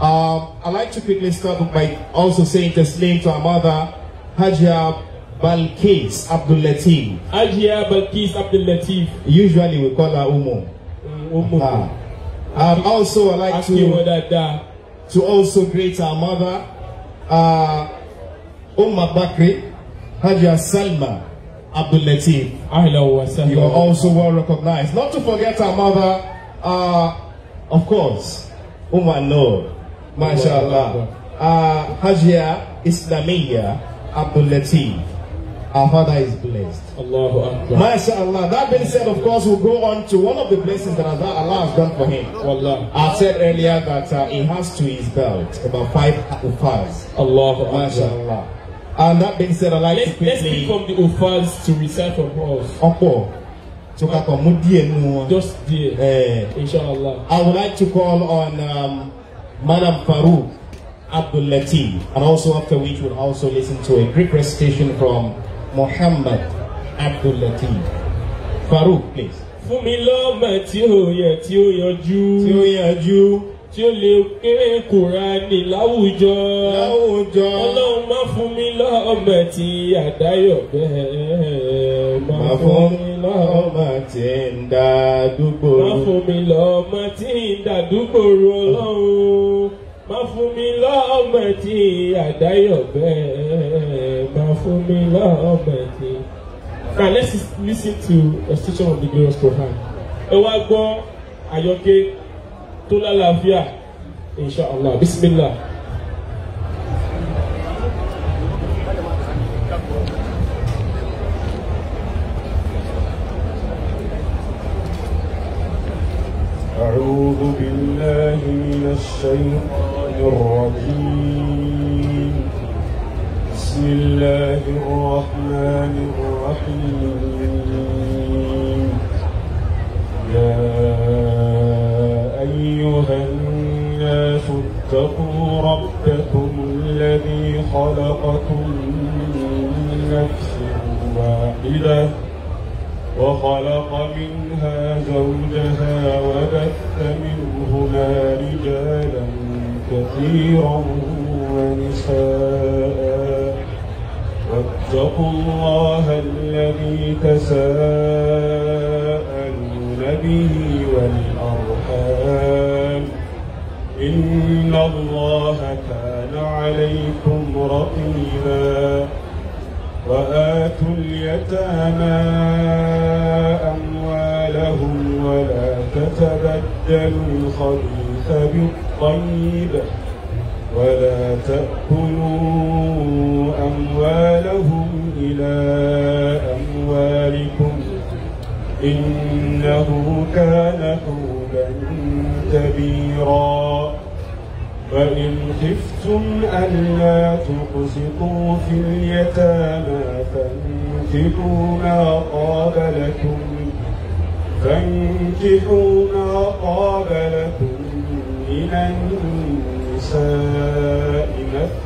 Um, I'd like to quickly start by also saying name to our mother, Hajia Balkis Abdul Latif. Hajia Balkis Abdul Latif. Usually we call her Umo. Mm, Umo. Uh, ah. um, also, I'd like to, uh, to also greet our mother, uh, Umma Bakri, Hajia Salma. Abdul Latif. Hello, You are also well recognized. Not to forget our mother, uh, of course, Umar Noor, mashallah. Uh, Hajia Islamiyya Abdul Latif. Our father is blessed. Allahu Akbar. MashaAllah. That being said, of course, we'll go on to one of the blessings that Allah has done for him. Allah. I said earlier that uh, he has to his belt about five fires. Allahu Akbar. MashaAllah. And that being said, I'd like Let, to quickly... Let's pick up the offers to recite from us. Ọ̀pọ̀ So ká kàn mú Just díẹ̀. Uh, Inshallah. I would like to call on um, Madam Farouk Abdul-Latif. And also after which we'll also listen to a Greek recitation from Muhammad Abdul-Latif. Farouk, please. Fún mi lọ́mọ tí ó yẹ tí ó yanjú. Tí ó yanjú tí ó lè ké kùránì láwùjọ. láwùjọ. ọlọ́run má fún mi lọ́mọ tí àdáyọ̀ bẹ́ẹ̀. má fún mi lọ́mọ tí ń da dúgbò má fún mi lọ́mọ tí ń da dúgbò ọlọ́run. má fún mi lọ́mọ tí àdáyọ̀ bẹ́ẹ̀. má fún mi lọ́mọ tí. Now let's listen to a section of the glorious Quran. ẹ wá gbọ́ àyọkẹ́. طول إن شاء الله بسم الله أعوذ بالله من الشيطان الرجيم بسم الله الرحمن الرحيم يا أيها الناس اتقوا ربكم الذي خلقكم من نفس واحدة وخلق منها زوجها وبث منهما رجالا كثيرا ونساء واتقوا الله الذي تساءلون به والإنسان القرآن إن الله كان عليكم رقيبا وآتوا اليتامى أموالهم ولا تتبدلوا الخبيث بالطيب ولا تأكلوا أموالهم إلى أموالكم إنه كان حوبا كبيرا فإن خفتم ألا تقسطوا في اليتامى فانكحوا ما طاب لكم فانكحوا ما طاب لكم من النساء مثلا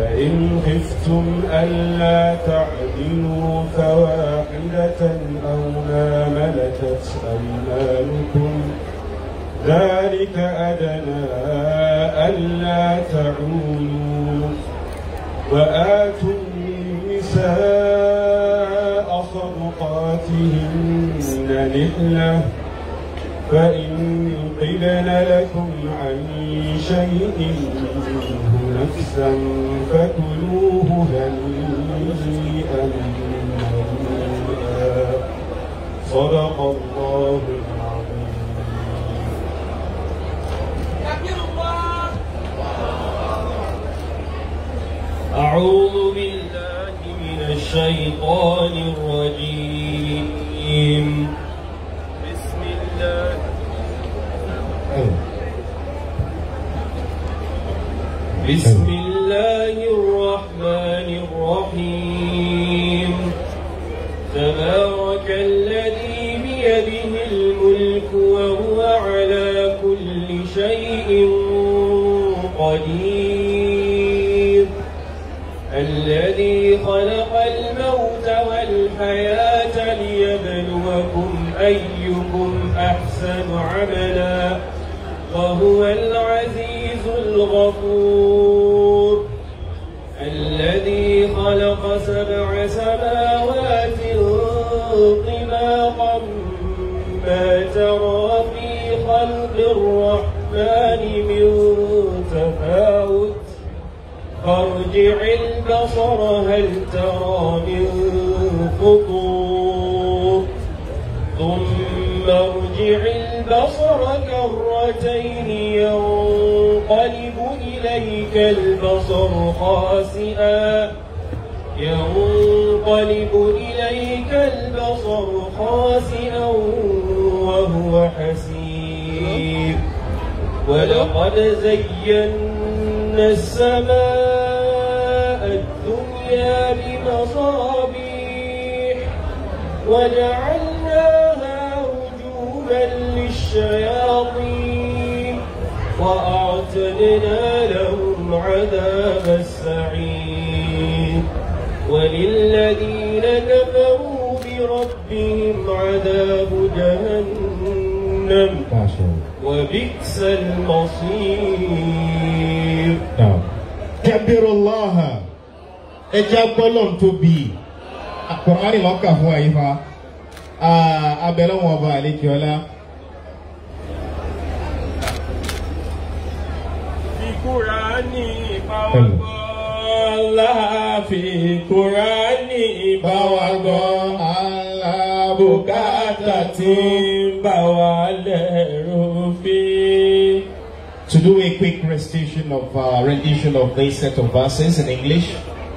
فإن خفتم ألا تعدلوا فواحدة أو ما ملكت أيمانكم ذلك أدنى ألا تعولوا وآتوا النساء صدقاتهن نحلة فإن قبل لكم عن شيء منه نفسا فكلوه هنيئا صدق الله العظيم أعوذ بالله من الشيطان الرجيم بسم أيوة. الله الرحمن الرحيم تبارك الذي بيده الملك وهو على كل شيء قدير الذي خلق الموت والحياة ليبلوكم أيكم أحسن عملا وهو العزيز العزيز الغفور الذي خلق سبع سماوات طباقا ما ترى في خلق الرحمن من تفاوت فارجع البصر هل ترى من فطور ثم ارجع البصر كرتين يوم يدرك البصر خاسئا ينقلب إليك البصر خاسئا وهو حسير ولقد زينا السماء الدنيا بمصابيح وجعلناها رجوما للشياطين وأعتدنا لهم عذاب السعير وللذين كفروا بربهم عذاب جهنم وبئس المصير نعم. كبر الله لهم تبي القرآن لك هو إفا أبلغ وبالك يولا To do a quick recitation of uh, rendition of this set of verses in English,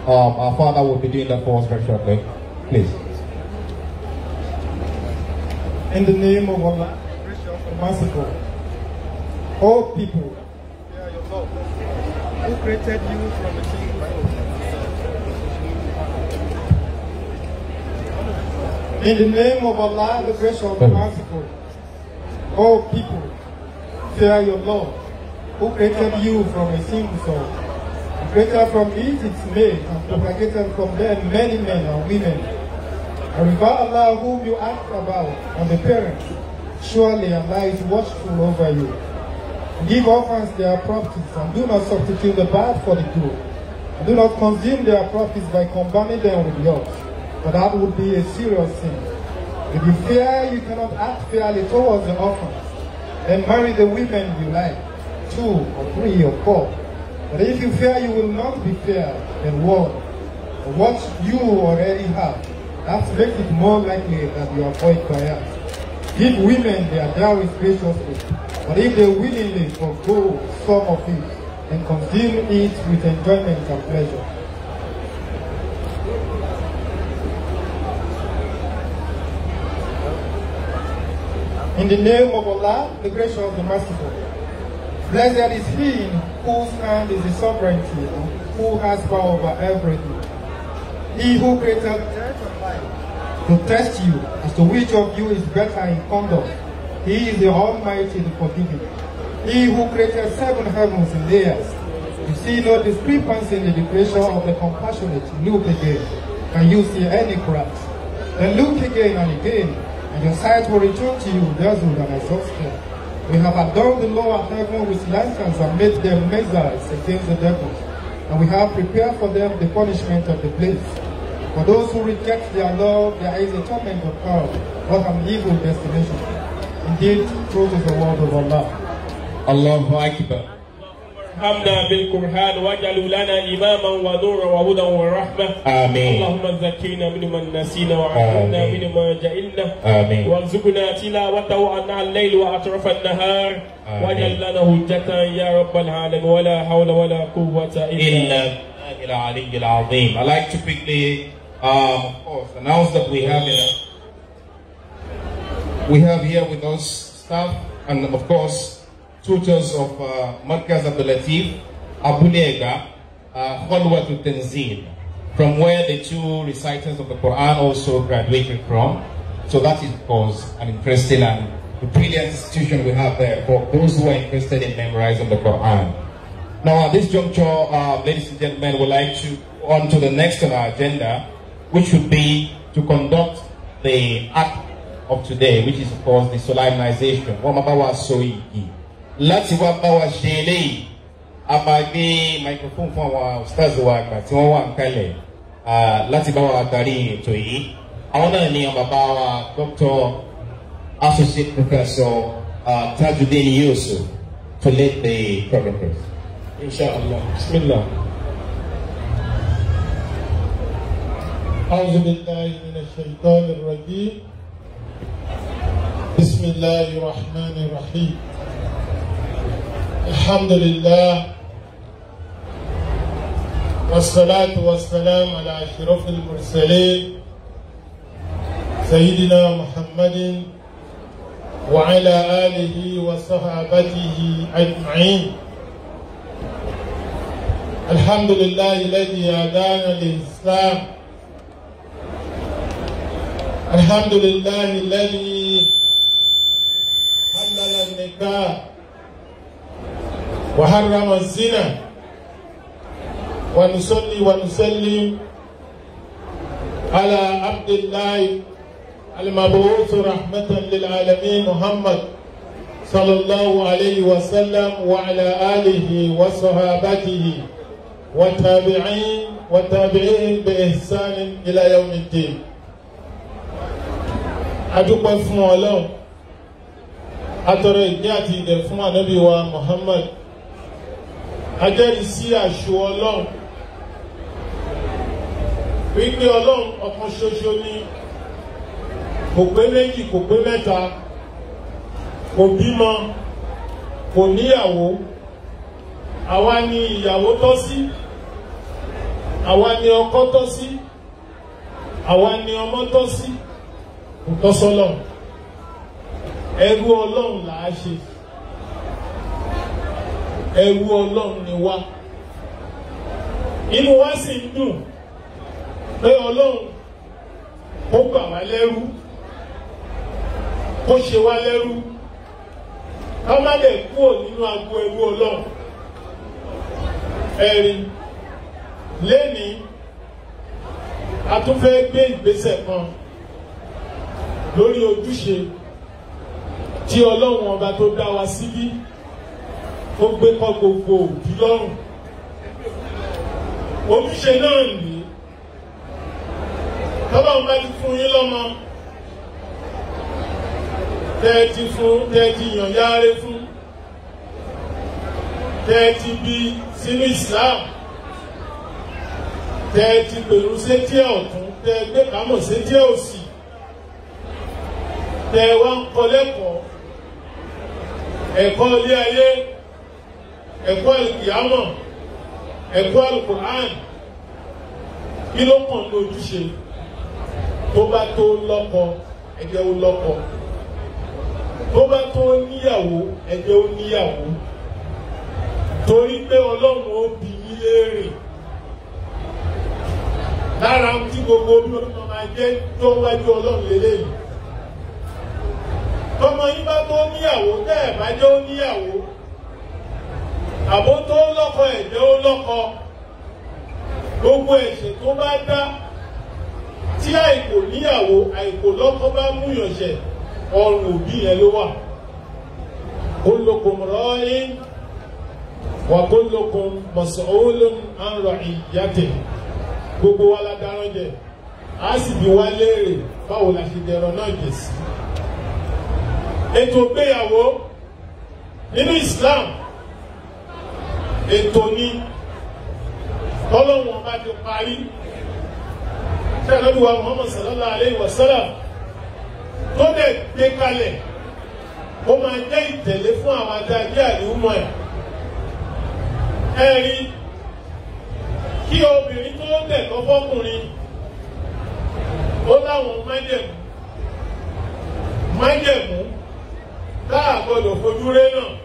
um, our father will be doing that for us very shortly. Please. In the name of Allah, the merciful, all people, who created you from a single In the name of Allah, the gracious, the oh. merciful, all people, fear your Lord, who created you from a single soul. Created from its made and propagated from there many men and women. And refer Allah whom you ask about and the parents. Surely Allah is watchful over you. Give orphans their properties and do not substitute the bad for the good. And do not consume their properties by combining them with yours. But that would be a serious sin. If you fear you cannot act fairly towards the orphans, then marry the women you like, two or three or four. But if you fear you will not be fair, then what? What you already have, that makes it more likely that you avoid bias. Give women their dowry graciously, but if they willingly forego some of it, and consume it with enjoyment and pleasure, In the name of Allah, the gracious, the merciful. Blessed is he whose hand is the sovereignty, who has power over everything. He who created to test you as to which of you is better in conduct. He is the Almighty, the Forgiving. He who created seven heavens and layers. You see no discrepancy in the creation of the compassionate. Look again. Can you see any cracks? Then look again and again and your sight will return to you, dazzled and exhausted. We have adorned the lower heaven with lanterns and made them measures against the devil, and we have prepared for them the punishment of the place. For those who reject their Lord, there is a torment of hell, what an evil destination. Indeed, truth is the word of Allah. Allahu Akbar. أمنا بالقرآن واجعلوا لنا إماما ونورا وهدى ورحمة آمين اللهم زكينا من من نسينا وعافنا من ما جئنا آمين وارزقنا تلاوته أنع الليل وأطراف النهار واجعل لنا هجة يا رب العالمين ولا حول ولا قوة إلا إلى علي العظيم I like to quickly um, of course announce that we have a, we have here with us staff and of course tutors of uh, Markaz Abdul Latif, Abulega, uh, Khalwatul from where the two reciters of the Quran also graduated from. So that is, of course, an interesting and brilliant institution we have there for those who are interested in memorizing the Quran. Now, at this juncture, uh, ladies and gentlemen, we'd like to on to the next on our agenda, which would be to conduct the act of today, which is, of course, the solemnization. láti wá bá wa ṣe eléyìí a máa gbé microphone fún àwọn ustaz wa àgbà tí wọ́n wà ń kalẹ̀ láti bá wa darí ètò yìí àwọn náà ni bàbá wa Dr. Associate Professor uh, Tajudeen Yusuf to lead the program. Inshallah. Bismillah. أعوذ بالله من الشيطان الرجيم بسم الله الرحمن الرحيم الحمد لله والصلاة والسلام على أشرف المرسلين سيدنا محمد وعلى آله وصحابته أجمعين الحمد لله الذي هدانا للإسلام الحمد لله الذي وحرم الزنا ونصلي ونسلم على عبد الله المبعوث رحمة للعالمين محمد صلى الله عليه وسلم وعلى آله وصحابته وتابعين وتابعين بإحسان إلى يوم الدين adúpẹ́ fún Ọlọ́run atọrọ ìgbé àti ìdẹ̀ fún ànábì ajẹ́rìí sí àṣọ ọlọ́run wípé ọlọ́run ọ̀kan ṣoṣo ni kò pé méjì kò pé mẹ́ta kò bímọ kò níyàwó àwa ni ìyàwó tọ́ sí àwa ni ọkọ tọ́ sí àwa ni ọmọ tọ́ sí kò tọ́ sọ́lọ́run ẹrú ọlọ́run là á ṣe ẹrú ọlọ́run ni wá inú wa sì ń dùn pé ọlọ́run ó gbà wá lẹ́rú ó ṣe wá lẹ́rú ká má lè kúrò nínú agbo ẹrú ọlọ́run ẹ̀rìn lẹ́nìí a tún fẹ́ gbé ìgbésẹ̀ kan lórí ojúṣe tí ọlọ́run ọba tó dá wa síbí. Si ó gbé kọ́ gbogbo òbí lọ́rùn ojúṣe náà nìyí tọ́lọ́run bá ti fún yín lọ́mọ tẹ́ẹ̀tì fún tẹ́ẹ̀tì yàn yáre fún tẹ́ẹ̀tì bí sínú Islam tẹ́ẹ̀tì pẹ̀lú sétíẹ̀ ọ̀tún tẹ́ẹ̀gbẹ́ kámọ̀ sétíẹ̀ òsì tẹ́ẹ̀ wá ń kọ́ lẹ́kọ̀ọ́ ẹ̀kọ́ ilé ayé ẹ̀kọ́ ìyámọ̀ ẹ̀kọ́ alukur'an kí ló kàn ní ojúṣe tó bá tó lọ́kọ ẹ̀jẹ̀ ó lọ́kọ tó bá tó níyàwó ẹ̀jẹ̀ ó níyàwó torí pé ọlọ́run ó bi yín léèrè lára tí gbogbo orí ọdún ọmọ ẹgbẹ́ tó wájú ọlọ́run lélẹ́yìn tọmọ yín bá tó níyàwó tẹ́ ẹ̀ bá jẹ́ ó níyàwó àbó tó lọ́kọ ẹ̀jẹ̀ ó lọ́kọ gbogbo ẹ̀ṣẹ̀ tó bá dá tí àìkò níyàwó àìkò lọ́kọ bá múyànṣẹ̀ ọrùn òbí yẹn ló wà kólókòm rọ́ọ̀yìn wà kólókòm mọ̀sọ̀ọ́lọ́m àrùn ìyàtẹ̀ gbogbo wa la dáná jẹ a sì bí wá léèrè báwo la ṣe dẹ̀rọ náà jẹ sí. ètò ìgbéyàwó nínú Islam ètò ni ọlọ́run ọba ti parí ṣé àlọ́dúnwá Muhammad sallallahu alayhi wa sallam tó dẹ̀ gbé kalẹ̀ ó máa jẹ́ ìtẹ̀lé fún àwọn adájọ́ àdéhùnmọ́ ẹ̀ ẹ̀rí kí obìnrin tó dẹ̀kọ́ fọ́kùnrin ó láwọn májẹ̀mú májẹ̀mú tá a gbọ́dọ̀ fojú rẹ́ náà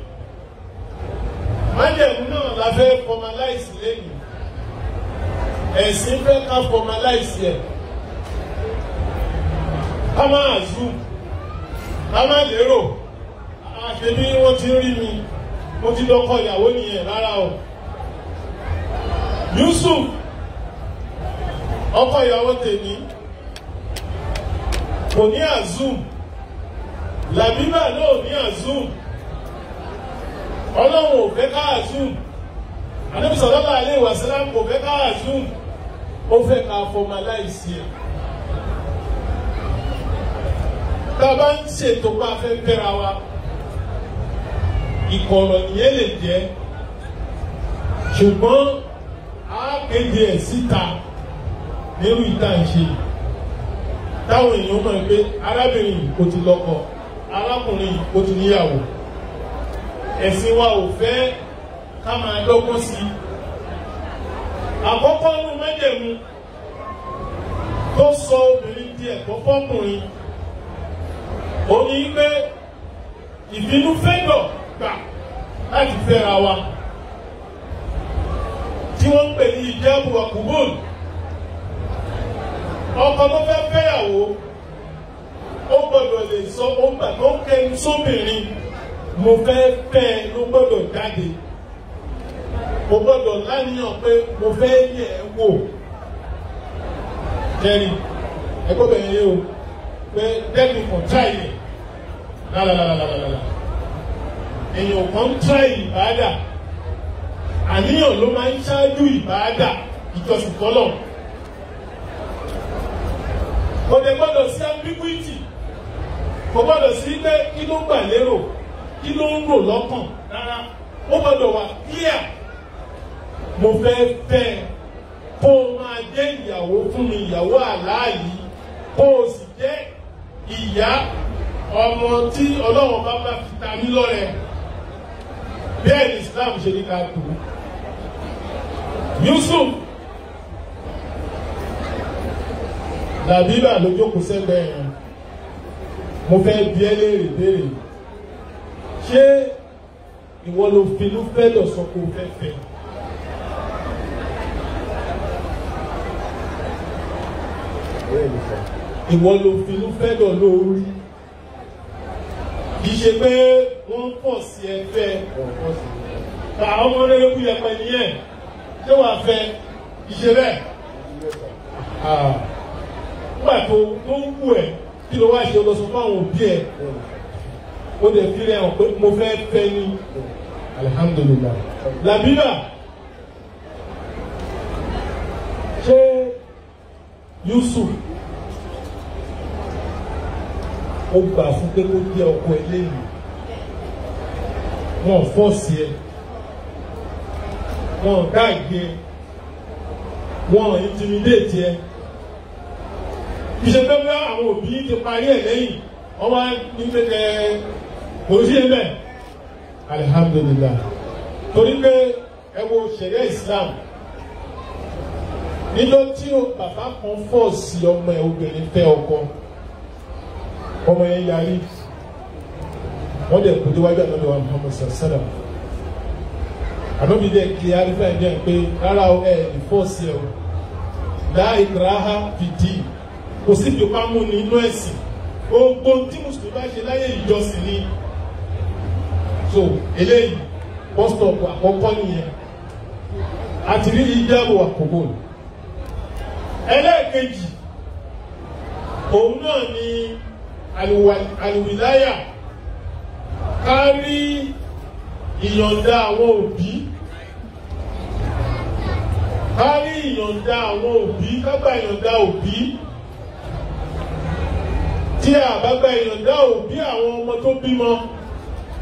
májẹ̀mú náà la fẹ́ formalize lẹ́yìn ẹ̀sìn fẹ́ ká formalize ẹ̀ ká má zoom ká má lérò àṣebí wọ́n ti rí mi mo ti lọ́kọ ìyàwó nìyẹn rárá o Yusuf ọkọ ìyàwó tèmi kò ní àzùm làbíbà náà ní àzùm ọlọ́run ò fẹ́ ká assume Ànábì sallallahu alaihi wasallam kò fẹ́ ká assume ó fẹ́ ká formalize ẹ̀. tá a bá ń ṣètò bá a fẹ́ bẹ́ra wa ìkọ̀rọ̀ nìyẹn lè jẹ́ ṣùgbọ́n a kéde ẹ̀ síta nínú ìta ìṣe táwọn èèyàn mọ̀ pé arábìnrin kò ti lọ́kọ arákùnrin kò ti níyàwó ẹ̀sìn wa ò fẹ́ ká máa dọ́gbọ́n sí i àkọ́kọ́ nínú mẹ́jẹ̀mú tó sọ obìnrin di ẹ̀kọ́ fọ́kùnrin ó ní pé ìbínú fẹ́dọ̀ gbà láti fẹ́ra wa tí wọ́n ń pè ní ìjẹ́bù àkùbọ́ọ̀lù ọkọ tó fẹ́ fẹ́yàwó ó gbọ́dọ̀ lè sọ ó gbà tó kẹnu sóbìnrin. So mo fẹ́ fẹ́ ẹ ló gbọ́dọ̀ jáde mo gbọ́dọ̀ láníyàn pé mo fẹ́ yẹ ẹ wò kẹrin ẹgbẹ́ bẹ̀rẹ̀ yẹ o pé dẹ́nu kan táyì lálàlàlàlàlà èèyàn kan táyì ìbáàdà àníyàn ló máa ń ṣáájú ìbáàdà ìjọsìn tọ́lọ̀ kò dé gbọ́dọ̀ sí ambiguity kò gbọ́dọ̀ sí pé kí ló gbà lérò kí ló ń rò lọ́kàn rárá ó gbọ́dọ̀ wà clear mo fẹ́ fẹ́ kó o máa jẹ́ ìyàwó fún mi ìyàwó àláàyè kó o sì jẹ́ ìyá ọmọ tí ọlọ́wọ́n bá bá fi ta mí lọ́rẹ bẹ́ẹ̀ ni Islam ṣe ní ká kú Yusuf làbíbà ló jókòó sẹ́gbẹ̀ẹ́ yẹn mo fẹ́ bi ẹ́ léèrè béèrè ṣé ìwọ ló finú fẹ́ lọ̀sán kó fẹ́ fẹ́? ìwọ ló finú fẹ́ lọ lórí kì í ṣe pé wọ́n ń pọ̀ sí ẹ fẹ́ ta ọmọ rẹ yókù yẹpẹ nìyẹn ṣé wàá fẹ́ ìṣe bẹ́ẹ̀ ah. nígbà tó tó ń wù ẹ́ kí ló wá ṣe lọ sọ fún àwọn òbí ẹ̀ ó dẹ̀ fi rẹ̀ hàn pé mo fẹ́ fẹ́ ni alihamudulilayi Labeebah ṣé Yusuf ó gbà fún pé kó jẹ́ ọkọ eléyìí wọn fọ́ọ̀sì ẹ wọn gáàgé wọn intimidate ẹ ìṣẹ́gbẹ́ bá àwọn òbí ti parí ẹ̀ lẹ́yìn ọmọ nígbẹ́tẹ̀ kò sí ẹbẹ alihamdulilayi torí pé ẹ wo islam níjọ́ tí o bàbá kan fọ́ọ̀sì ọmọ ẹ obìnrin fẹ́ ọkọ ọmọ yẹn yarí wọ́n dẹ̀ kó déwájú àná lọ́wọ́ Muhammad sallam àdóbi dẹ̀ kí arífà ẹ̀ dẹ̀ pé rárá o ẹ̀ ìfọ́ọ̀sì ẹ̀ o láì ìkìráhà fìdí kò sí ìjọba mú ní inú ẹ̀sìn gbogbo tí mùsùlùmí bá ṣe láyé ìjọsìn ni so eléyìí bọ́sítọ̀pù àkọ́kọ́ nìyẹn àti rí ìjábò àkókò ẹlẹ́ẹ̀kejì òun náà ni àlùwìláyà ká rí ìyọ̀ǹda àwọn òbí ká rí ìyọ̀ǹda àwọn òbí ká gba ìyọ̀ǹda òbí tí a bá gba ìyọ̀ǹda òbí àwọn ọmọ tó bímọ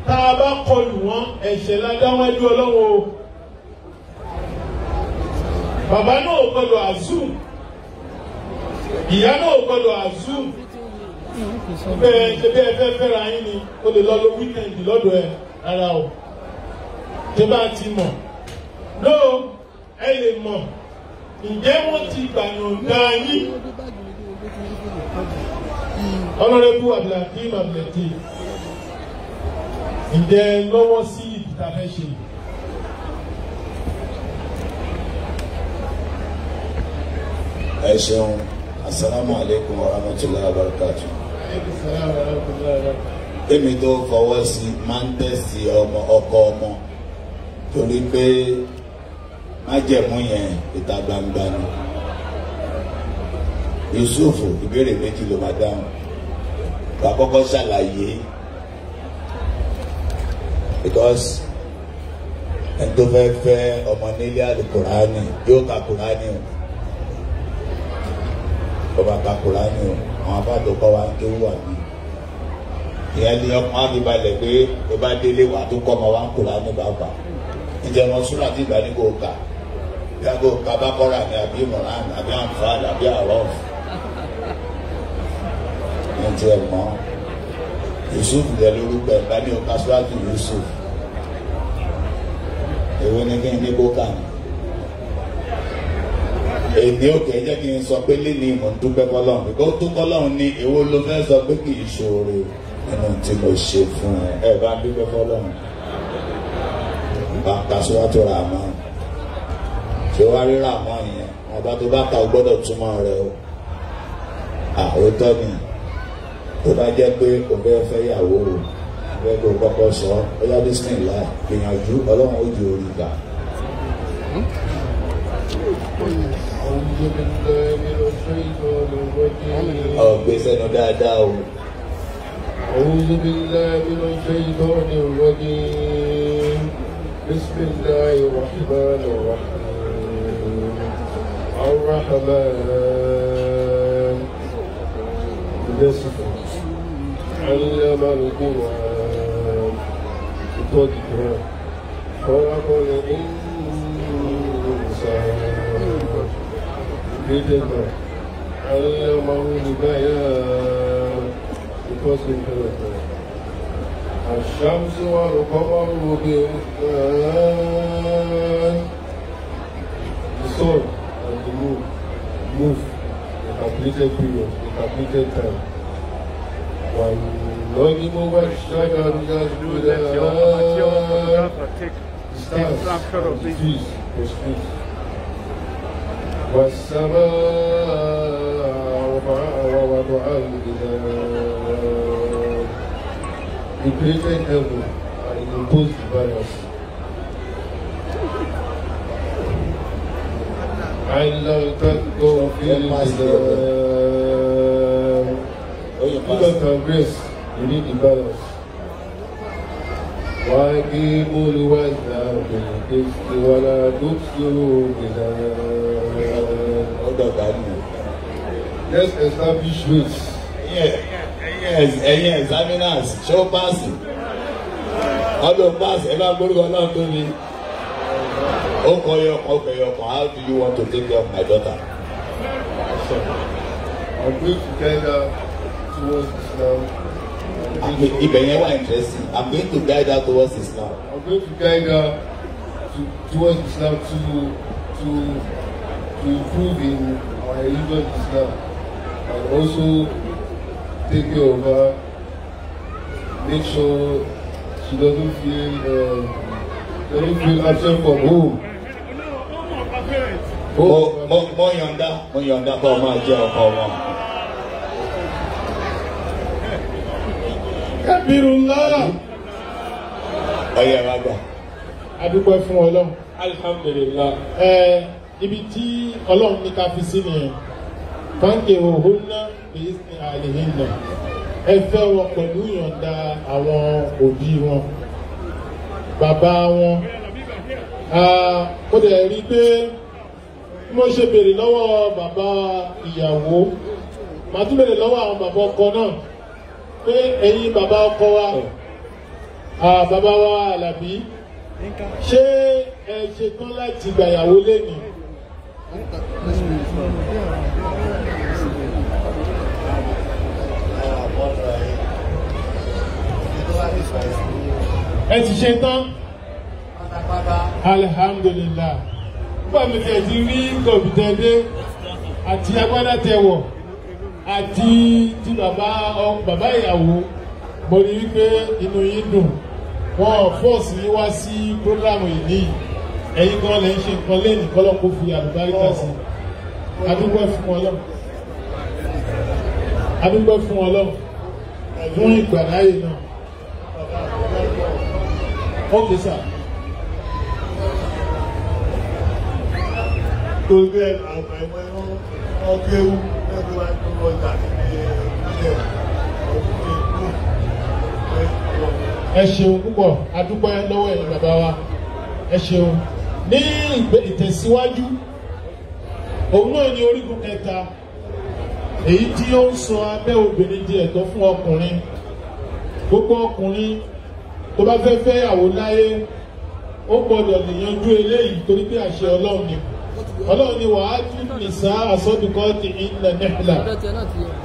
tá a bá kọlù wọn ẹ̀ṣẹ̀ ládáwájú ọlọ́wọ́ o bàbá náà gbọ́dọ̀ azum ìyá náà gbọ́dọ̀ azum bẹ́ẹ̀ ṣe bí ẹ fẹ́ fẹ́ra yín ni o lè lọ lọ wíkẹ́ndì lọ́dọ̀ ẹ rárá o tó bá ti mọ̀ lóò ẹ lè mọ̀ ǹjẹ́ wọ́n ti gbàyànjá yín ọlọ́rẹ́bù abdulhakeem abdulhakeem ǹjẹ́ lọ́wọ́ sí ìdìtà fẹ́ ṣe. ẹ ṣeun asalaamu aleykum wa rahmatulahi wa barakatu. èmi tó fọwọ́ sí máa ń tẹ̀sí ọmọ ọkọ ọmọ torí pé májẹ̀mú yẹn ìta gbangba ni. Yusuf ìbéèrè méjì ló máa dáhùn. Bàbá kọ́kọ́ ṣàlàyé because ẹni tó fẹ́ fẹ́ ọmọ nílé àlùkùránì yóò ka kùránì o ọba ka kùránì o àwọn afáàdó kọ́ wa ń ké wà ní ìyẹn ni ọkùnrin àti balẹ̀ pé tó bá délé wà tó kọ́ ọmọ wa ń kùránì bàbà ìjẹun súnà tí ìgbà ní kò kà bí aago tabakọ́ra ni àbí mọ̀ràn àbí àǹfààní àbí àrọ́ọ̀fù ní tiẹ̀ mọ́ Yusuf lẹ lórúkọ ẹ̀ bá ní ọkà sọ́wọ́ àti Yusuf èwo ni kí n ní bókà ni èdè òkè jẹ́ kí n sọ pé léni ìmọ̀ dúpẹ́ kọ́lọ́hún bí kò tó kọ́lọ́hún ní èwo ló fẹ́ sọ pé kì í ṣòro nínú tí mo ṣe fún ẹ ẹ bá dúpẹ́ kọ́lọ́hún bá kásíwá tó rà mọ́ ṣé wá rírà mọ́ ìyẹn ọba tó bá ka gbọ́dọ̀ túmọ̀ rẹ̀ o àwòtọ́ ni tó bá jẹ́ pé òbẹ́ fẹ́ yàwó o àbẹ́ kò kọ́kọ́ sọ bóyá bísímìlá gbìyànjú ọlọ́run ó di orí gbà. ọ̀gbẹ́ sẹ́nu dáadáa o. أعوذ بالله من الشيطان الرجيم بسم الله الرحمن الرحيم الرحمن علم القرآن قدرا خلقنا الإنسان بدمع علمه البيان بفصل الشمس والقمر بإحسان The sun and the moon move in completed period, the completed time. One nous étions en notre déclencheur obéi. والسماء وضعها He created heaven and he imposed by us. أن لم تذكر في الكتاب. You don't have grace. You need to balance. وأقيموا الوزن بالقسط ولا تبصروا بالعدل. Let's establish rules. Yeah. Yes, ẹ̀yin examiners, ṣó paasi? Ọdún paasi, ẹ bá gbórúkọ náà tó mi. Ó kọ yọkọ, ó kọ yọkọ, how do you want to take care of my daughter? I pray together towards Islam ibẹ̀ yẹn wà interesting i'm going to guide her towards islam. i'm going to guide her to towards islam to to to improve in our religion islam and also take care of her make sure she doesn't feel uh, doesn't feel absent from home. mo mo mo yọ̀ǹda mo yọ̀ǹda for my máa for ọkọ Takbirullah. ọyẹ wa gbà. adúpẹ́ fún ọlọ́run. alhamdulillah. ẹ ibi tí ọlọ́run ní ká fi sí nìyẹn fáńkì òhóná èyí sì àlèyìn náà ẹ fẹ́ wọn pẹ̀lú ìyọ̀ǹda àwọn òbí wọn bàbá wọn ó dẹ̀ rí i pé mo ṣe béèrè lọ́wọ́ bàbá ìyàwó màá tún béèrè lọ́wọ́ àwọn bàbá ọkọ náà pé ẹ̀yin bàbá ọkọ wa oh. bàbá wa Àlàbí ṣé ẹ ṣetán láti gbàyàwó lẹ́nìí. ẹ ti ṣe tán alihamdulilayi nígbà mi tẹ̀ ti rí kọ̀m̀pútà dé àti agbádá tẹ̀ wọ̀ àti ti bàbá bàbá ìyàwó mo rí wípé inú yín dùn wọn fọ́ọ̀sì yín wá sí prógrámù yìí nìyí ẹ̀yin gan lè ń ṣe nǹkan lẹ́nu kọ́lọ́kọ́ fi àlùbáríkà sí adúgbò fún ọlọ́run adúgbò fún ọlọ́run fún ìgbàláyè náà ókè sà. gbogbo ẹ̀ àwọn ẹ̀wọ̀n ọ̀gẹ́wù ẹ ṣeun púpọ̀ adúpẹ́ lọ́wọ́ ẹ̀yin bàbá wa ẹ ṣeun ní ìtẹ̀síwájú òun náà ni orígun kẹta èyí tí ó ń sọ abẹ́ obìnrin di ẹ̀tọ́ fún ọkùnrin gbogbo ọkùnrin tó bá fẹ́ fẹ́yàwó láyé ó gbọ́dọ̀ níyanjú eléyìí torí pé àṣẹ Ọlọ́run nìkan ọlọ́run ni wàá tún nìsá àsọ́dùkọ́ ti ilẹ̀ nẹ́pìlà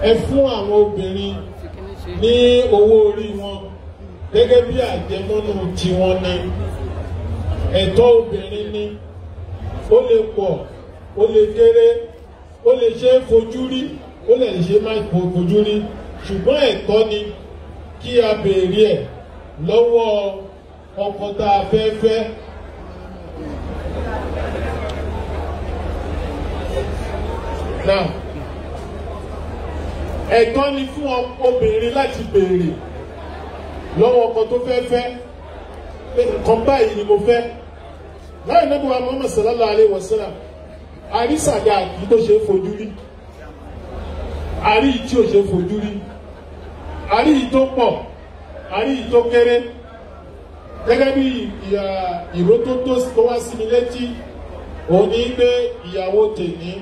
ẹ fún àwọn obìnrin ní owó orí wọn gẹ́gẹ́ bí àjẹmọ́nú tiwọn ni ẹ̀tọ́ obìnrin ni ó lè pọ̀ ó lè kéré ó lè ṣe é fojú rí ó lè ṣe má fojú rí ṣùgbọ́n ẹ̀tọ́ ni kí a béèrè ẹ̀ lọ́wọ́ ọkọ tá a fẹ́ fẹ́. now ẹ̀tọ́ ni fún obìnrin láti béèrè lọ́wọ́ ọkọ tó fẹ́ fẹ́ nǹkan báyìí ni mo fẹ́ láì náà bí wa Muhammad sallallahu alayhi wa sallam àrísàdá àti tó ṣe é fojú rí àrí yìí tí ò ṣe é fojú rí àrí yìí tó pọ̀ àrí yìí tó kéré gẹ́gẹ́ bí ìró tó wá sí mi létí òní pé ìyàwó tèmi.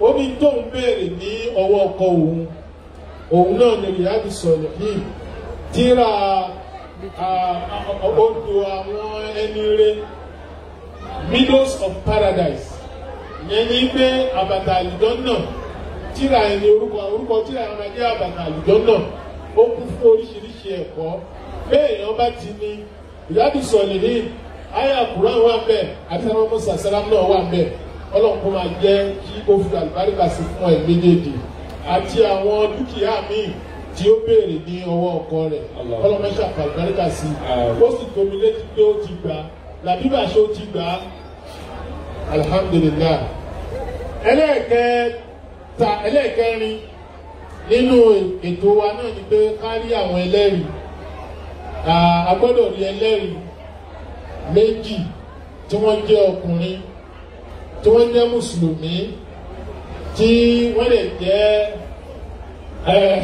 ó ní tóun béèrè ní ọwọ́ ọkọ òun òun náà ní rìádì sọ̀rọ̀ yìí tíra odò àwọn ẹni of Paradise yẹn ní pé àbàtà àlùjọ náà tíra ẹni orúkọ orúkọ tíra ẹni ajé àbàtà àlùjọ náà ó kún fún oríṣiríṣi ẹ̀kọ́ bẹ́ẹ̀ yẹn bá ti ní rìádì sọ̀rọ̀ yìí ayé àkùrọ̀ wà bẹ́ẹ̀ àti ọlọ́run kó máa jẹ́ kí ó fi àlùbáríkà sí fún ẹ̀ méjèèjì àti àwọn dúkìá míì tí ó béèrè ní ọwọ́ ọkọ rẹ̀ ọlọ́run mẹ́ṣà àlùbáríkà sí ó sì tóbi létí pé ó ti gbà làbíbà ṣe ó ti gbà alhamdulillah ẹlẹ́ẹ̀kẹta ẹlẹ́ẹ̀kẹrin nínú ètò wa náà ni pé ká rí àwọn ẹlẹ́rìí a gbọ́dọ̀ rí ẹlẹ́rìí méjì tí wọ́n jẹ́ ọkùnrin tí wọ́n jẹ́ mùsùlùmí tí wọ́n lè jẹ́ ẹ̀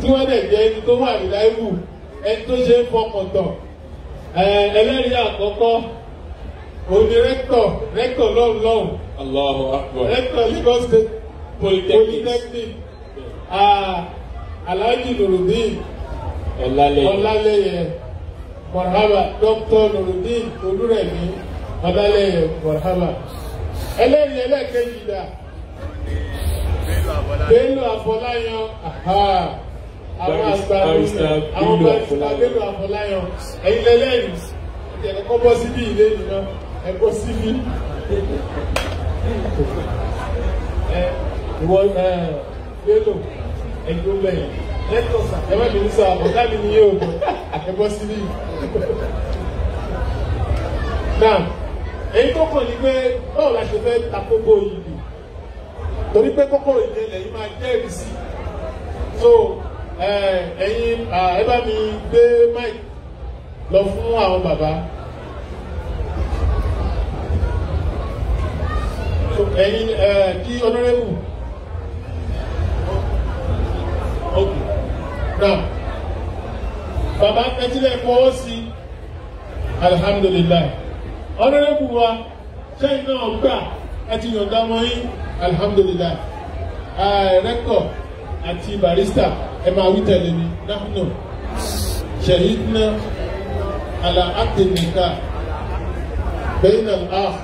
tí wọ́n lè jẹ́ ẹni tó wà níláìwù ẹni tó ṣe é fọkàn tán ẹlẹ́rìí àkọ́kọ́ òní rẹ́kítọ̀ rẹ́kítọ̀ lọ́hùn lọ́hùn Allahu Akbar rẹ́kítọ̀ Lagos State Polytechnic Alhaji Nurudin Ọlálẹ́yẹ Marhaba Dr. Nurudin Olúrẹ̀mí abalẹ́yìn wàhámà ẹlẹ́rìí ẹlẹ́ẹ̀kejì dà Bello Afọláyan àwọn àgbàdo àwọn barista Bello Afọláyan ẹ̀yin lẹ́lẹ́rìí ẹ̀kọ́ bọ́ síbí ilé yìí náà ẹ̀kọ́ síbí ìwọ Bello ẹ̀dùn bẹ́ẹ̀ lẹ́tọ̀sà ẹ má bínú sọ ọ̀gá mi ni yóò bọ̀ ẹ̀kọ́ síbí náà èyí tó kàn ní pé báwo la ṣe fẹ́ takógbó ìlú torí pé kọ́kọ́rọ́ ìdè lẹ́yìn máa jẹ́rìí sí so ẹ̀yin ẹ bá mi gbé mike lọ fún àwọn bàbá. ẹ̀yin kí ọ̀nàrẹ́bù ok now bàbá ẹtí lẹ́ẹ̀kọ́ sí alihamudulilayi ọ̀rẹ́rẹ́bù wa sẹ́yìn náà gbà ẹ ti yọ̀ǹda ọmọ yín alihamudulilayi rẹ́kọ̀ àti barista ẹ máa wí tẹ̀lé mi nahnu shahidna ala akdi nikah bayna al-akh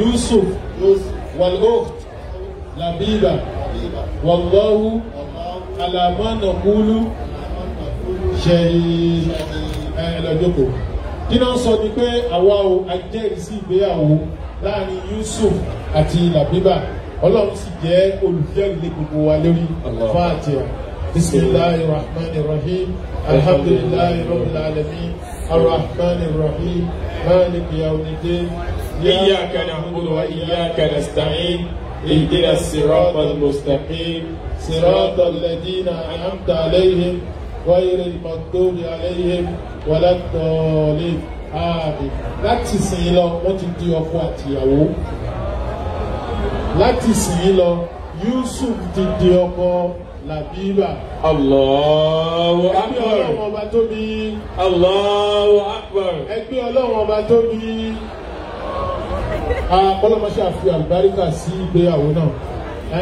yusuf wal labiba wallahu ala ma naqulu shahid ẹ lọ dínà sọ ni pé àwa o ajẹ́rìísí ìgbéyàwó láàrin Yusuf àti Labiba ọlọ́run sì jẹ́ olùjẹ́rìí lé gbogbo wa lórí fàtíà bisimilahi rahman rahim alhamdulilahi rabbil alamin arrahman rahim maliki yawmiddin iyyaka na'budu wa iyyaka nasta'in اهدنا الصراط المستقيم صراط الذين أنعمت عليهم غير المغضوب عليهم wọlé tọ́lé ààbì láti sìn lọ wọ́n ti di ọkọ àtìyàwó láti sìn lọ Yusuf ti di ọkọ làbíbà. Allahu akbar. Ẹgbẹ́ ọlọ́run ọba tóbi. Allahu akbar. Ẹgbẹ́ ọlọ́run ọba tóbi. Akọ́lọ́mọṣẹ́ àfi àlùbáríkà sí ìgbéyàwó náà.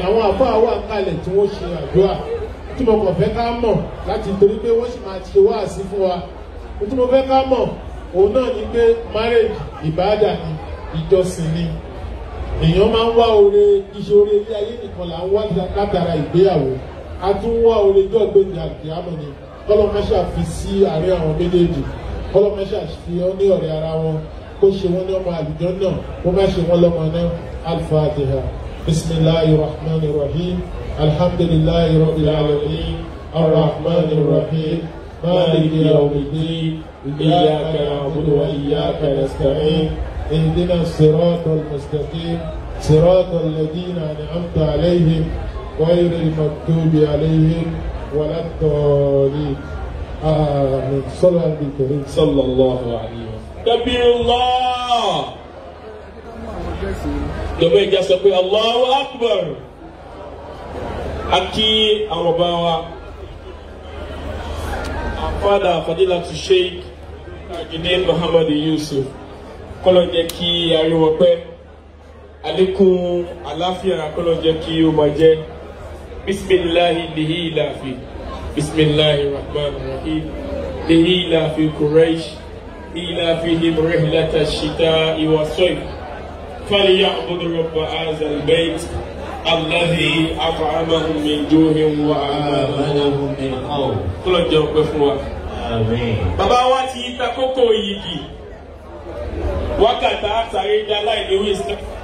Àwọn àbọ̀ àwọn àkàlẹ̀ tí wọ́n ṣe àdúrà tí mo kàn fẹ́ ká mọ̀ láti torí pé wọ́n sì máa ṣe wáàsí fún wa tí mo fẹ́ ká mọ̀ òun náà ni pé marriage ìbáàdà ni ìjọsìn ni èèyàn máa ń wá oore iṣẹ́ oore ilé ayé nìkan là ń wá látara ìgbéyàwó a tún wá oore jọ́ gbèdé àdìyàmọ̀ ni kọ́lọ́mọṣà fi sí àárín àwọn méjèèjì kọ́lọ́mọṣà fi ọ́ ní ọ̀rẹ́ ara wọn kó ṣe wọ́n ní ọmọ àlùjọ náà kó má ṣe wọ́n lọ́mọ náà alfatiha bisimilahi rahman rahim alhamdulilayi rabbil alamin arrahman rahim. مالك يوم الدين إياك نعبد وإياك نستعين اهدنا الصراط المستقيم صراط الذين أنعمت عليهم غير المكتوب عليهم ولا الضالين آمين صلى الله عليه وسلم صلى الله عليه وسلم الله Dọ̀bẹ́ ìjà sọ pé Allahu Akbar. A kí àwọn Father to Sheikh Tajudeen Muhammad Yusuf kọ́lọ̀ jẹ́ kí ariwo pẹ́ àlékún àláfíà kọ́lọ̀ jẹ́ kí ó máa jẹ́ bisimilahi lihi ilaafi bisimilahi rahman rahim lihi ilaafi quraish ilaafi ibrahim lata shita iwasoy fali ya abudu الذي أطعمهم من جوع وآمنهم من خوف kó lọ jẹun pẹ́ fún wa. àmín. bàbá wa ti ta kókó yìgì wákàtí àtàrí ní aláìníwí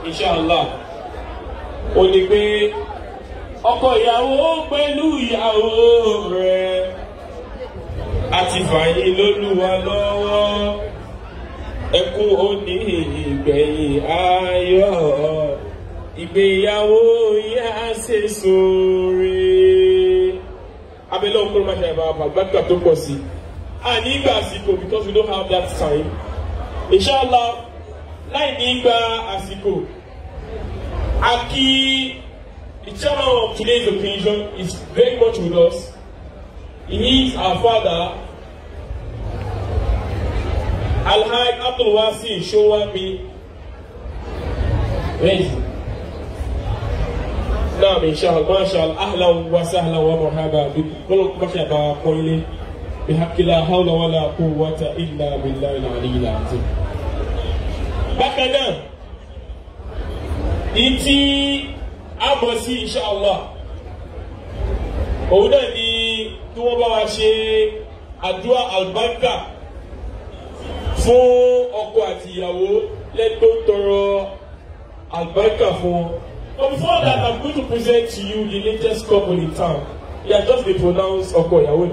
inṣàlá ó ní pé ọkọ ìyàwó pẹ̀lú ìyàwó rẹ̀ àti fàyè lólúwa lọ́wọ́ ẹkún òní ìgbẹ̀yìn ayọ̀ ìgbéyàwó yá ṣe sóore abẹ́lẹ́ ọkùnrin máa ṣe àìbá àgbàgbà tó pọ̀ sí àní ìgbà àsìkò because we don't have that time inshallah láì ní gba àsìkò aki the chairman of today's occasion is very much with us he is our father alhaji abdulwasi showami where is he náà mi ṣe àgbọn ṣe àhàlà wa sàhàlà wa mọ̀hábà bí kọ́lọ́ kọ́ṣà bá kọ́ ilé bí hakilá hàwlà wàlà kó wàtà ìlà bìlà ìlàlí ìlà àti. bákan náà ìtì àmọ̀ sí iṣẹ́ àlọ́ òun náà ni tí wọ́n bá wa ṣe àdúrà àlùbáríkà fún ọkọ àti ìyàwó lẹ́tọ́ tọrọ àlùbáríkà fún But before that, I'm going to present to you the latest couple in town. They are just dey pronounce ọkọ ìyàwó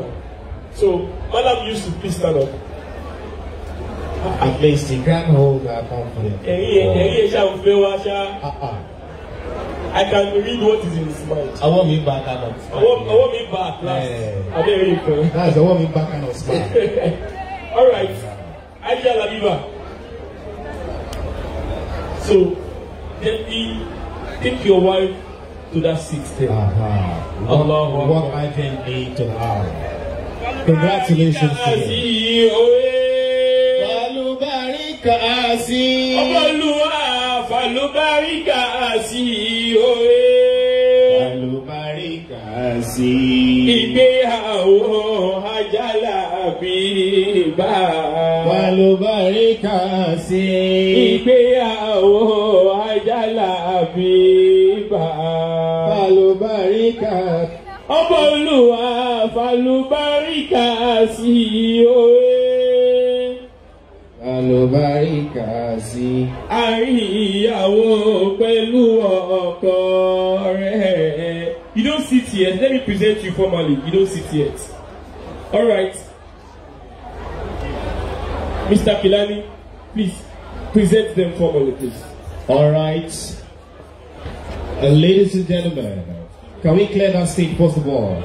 So, Madam Yusuf, please stand up. At least the grand old are confident. Ẹ̀rí ẹ̀rí ẹ̀ṣá ń fẹ́ wá ṣá. I can read what is in his mind. Ọwọ́ mi bá kind of smile. Ọwọ́ mi bá at last. Abẹ́rẹ́ ìfẹ́. I want me back and of smile. All right, Aisha Labiba. So, let me. Keep your wife to that 60. Uh-huh. What, Allah what I can need to have. Congratulations to you. Falubarika asi sí. ìgbéyàwó ajálà bíbá. wàlúbáríkà sí. ìgbéyàwó ajálà bíbá. wàlúbáríkà. ọmọ olúwa falúbáríkà sí òye. Àlùbáríkà sí. Àrí ìyàwó pẹ̀lú ọkọ rẹ̀. You don't sit yet. Let me present you formally. You don't sit yet. All right. Mr. Kilani, please present them formally, please. All right. Uh, ladies and gentlemen, can we clear that stage first of all?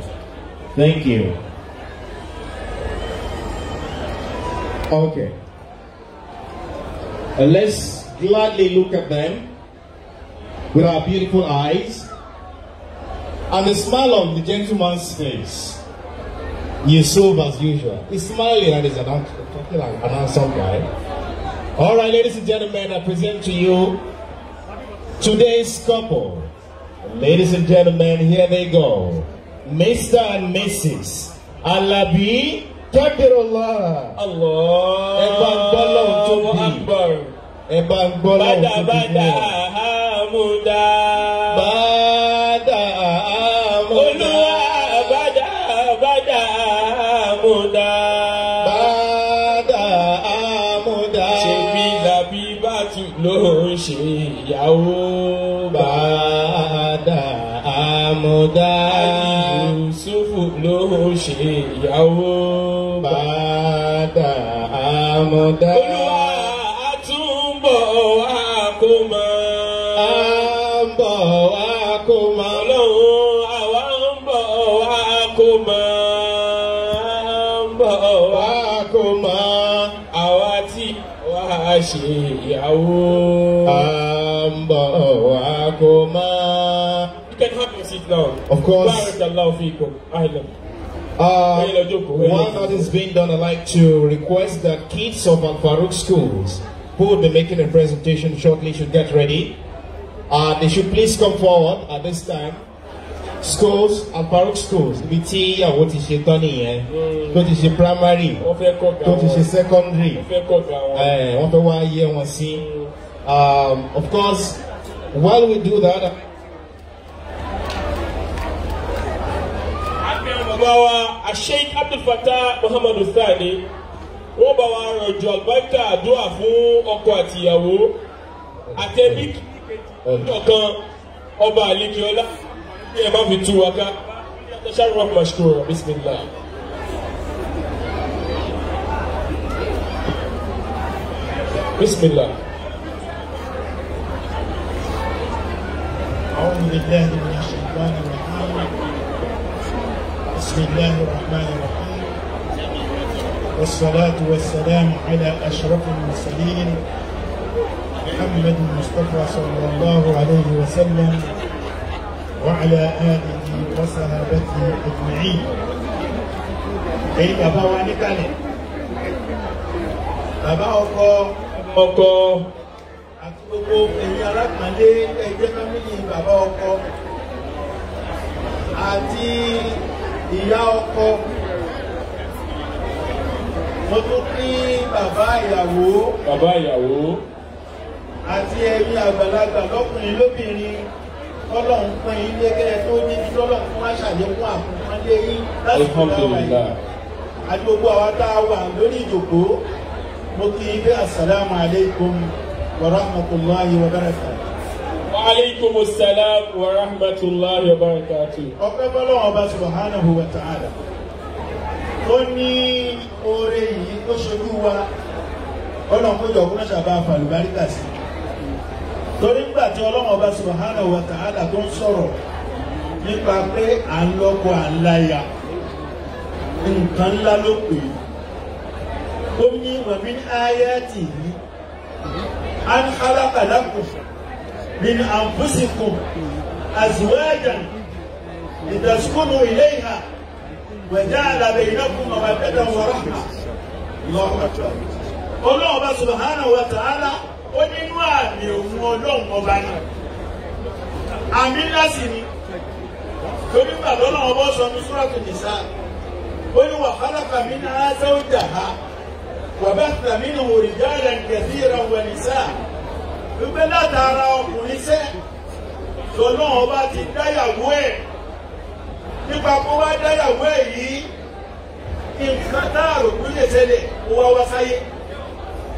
Thank you. Okay. Uh, let's gladly look at them with our beautiful eyes. And the smile on the gentleman's face, you sober as usual. He's smiling and he's an, talking like an handsome guy. All right, ladies and gentlemen, I present to you today's couple. Ladies and gentlemen, here they go. Mr. and Mrs. Alabi Kabirullah. Allah. Ẹ̀bá ń tó bí. Ẹ̀bá ń gbọ́ ìyàwó bàdà àmọ̀dá yusufu ló ṣe ìyàwó bàdà àmọ̀dá. olúwa àtúbọ̀ wá kó mọ́. à ń bọ̀ wá kó mọ́. ọlọ́run àwa ń bọ̀ wá kó mọ́. à ń bọ̀ wá kó mọ́. àwa tí wàá ṣe ìyàwó. You can have your seat now. Of course. Barakallahu fikum. Ahlan. Uh, that is being done, I'd like to request that kids of Al Farouk schools who will be making a presentation shortly should get ready. Uh, they should please come forward at this time. schools and Farouk schools B T. What is ṣe tán nìyẹn hmm. tó ti What is tan primary What is ti secondary eh, hmm. um, of course While we do that, Bawa Sheikh Abdul Fattah Muhammadu Sani wọ́n bá wa rọ̀jò àgbáríkà àdúrà fún ọkọ àtìyàwó àtẹ̀bí ọ̀kan ọba àlekíọ́lá ní ẹ̀ má fi tú wa ká. bismillah. Bismillah. أعوذ بالله من الشيطان الرجيم بسم الله الرحمن الرحيم والصلاة والسلام على أشرف المرسلين محمد المصطفى صلى الله عليه وسلم وعلى آله وصحابته أجمعين ẹ̀yin bàbá wa níkàlẹ̀ bàbá ọkọ ọkọ. gbogbo ẹ̀yin alápàdé ẹgbẹ́ fámìlì bàbá ọkọ àti ìyá ọkọ mo tún kí bàbá ìyàwó. bàbá ìyàwó. àti ẹ̀yin àgbàlagbà lọ́kùnrin lóbìnrin tọ́lọ́hún pín in lẹ́gẹ́rẹ́ tó níbi tọ́lọ́hún fún àṣàlékún àkùnfọ́nlé yín lásìkò náà wáyé àti gbogbo àwọn tá a wà lórí ìjòkó mo kí i pé assalamu alaikum. ورحمة الله وبركاته. وعليكم السلام ورحمة الله وبركاته. ọpẹ́ bọ́lá ọba subhanahu wa ta'ala ó ní oore yìí ó ṣojú wa ọlọ́mọdé ọkùnrin ṣàbá àfàlùbáríkà sí torí ńgbà tí ọlọ́mọ ọba subhanahu wa ta'ala tó ń sọ̀rọ̀ nípa pé à ń lọ́kọ à ń láya nǹkan ńlá ló pè é ó ní wàmí áyá tì í. أن خلق لكم من أنفسكم أزواجا لتسكنوا إليها وجعل بينكم مودة ورحمة الله أكبر ọlọ́run bá subhanahu wa ta'ala ó nínú àmì òun ọlọ́run ọba ni àmì ńlá sì ni torí bàbá ọlọ́run ọba sọ ní suratul nisa ó ní wa khalaqa minha zawjaha. وبث منه رجالا كثيرا ونساء wípé látara ọkùnrin sẹ́ lọ́nà ọba ti dáyàwó ẹ̀ nípa kó wá dáyàwó ẹ̀ yìí nǹkan tá a rò kú lè ṣẹlẹ̀ kó wá wá sáyé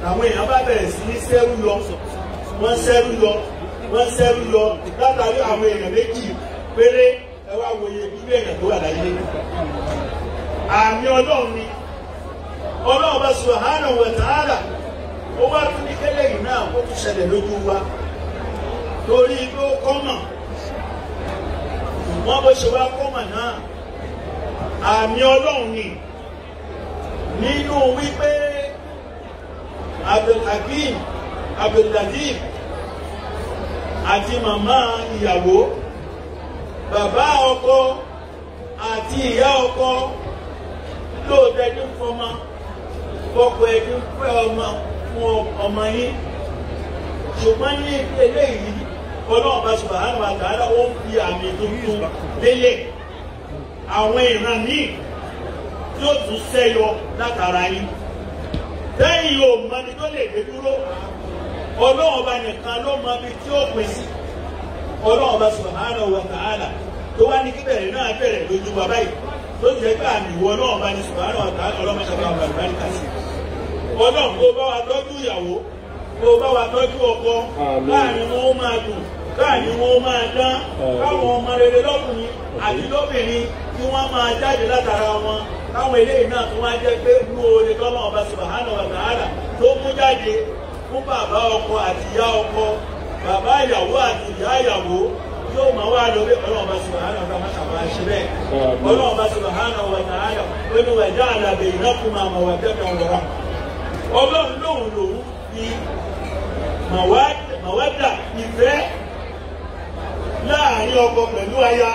làwọn èèyàn bá bẹ̀rẹ̀ sí ní sẹ́rú lọ wọ́n sẹ́rú lọ wọ́n sẹ́rú lọ látàrí àwọn èèyàn méjì péré ẹ wá wòye bí tó wà láyé àmì ọlọ́run ni ọlọ́ọ̀bá subhanahu wa ta'ala ó wá tún ní kẹ́lẹ́ yìí náà ó tún ṣẹlẹ̀ lójú wa torí ló kọ́mọ̀ wọ́n bó ṣe wá kọ́mọ̀ náà àmì ọlọ́run ni nínú wípé abdulhakeem abdulladif àti màmá ìyàwó bàbá ọkọ àti ìyá ọkọ lóòótọ́ ẹni fọmọ kọ́kọ́ ẹni pẹ́ ọmọ fún ọmọ yín ṣùgbọ́n ní eléyìí ọlọ́run bá ṣùgbọ́n àwọn àgbàdo ó fi àmì tuntun lélẹ̀ àwọn ìran míì yóò tún ṣẹ́yọ látara yín lẹ́yìn o mọni tó lè dé dúró ọlọ́run ọba nìkan ló mọ ibi tí ó pín sí ọlọ́run ọba subhanahu wa ta'ala tó wá ní kíbẹ̀rẹ̀ náà bẹ̀rẹ̀ lójú bàbá yìí tó jẹ́ pé àmì ìwọ náà máa ní ṣùgbọ́n àwọn àtàlẹ́ ọlọ́mọ ṣàbá àwọn àlùbáríkà sí ìwọ náà kó bá wa tọ́jú ìyàwó kó bá wa tọ́jú ọkọ láàrin wọn ó máa dùn láàrin wọn ó máa dán káwọn ọmọ rere lọ́kùnrin àti lóbìnrin kí wọ́n máa jáde látara wọn káwọn eléyìí náà tó wá jẹ́ pé inú oore tọ́lọ́ ọba subahana wa ta'ala tó mú jáde fún bàbá ọkọ àti ìyá ọkọ bàbá ìyàwó àti ìyá ìyàwó tó máa wá lórí ọlọ́ọ̀bá subahana ọ̀dọ́ máa ṣàwọn àṣẹ bẹ́ẹ̀ ọlọ́ọ̀bá subahana ọ̀dọ́ ayọ̀ ó ní wẹ̀dá àlàbẹ̀ ìnákùnmá àmọ̀ wà dẹ́kun lọ́rọ̀ ọlọ́run lòun lòun fi màwádà ìfẹ́ láàrin ọkọ pẹ̀lú aya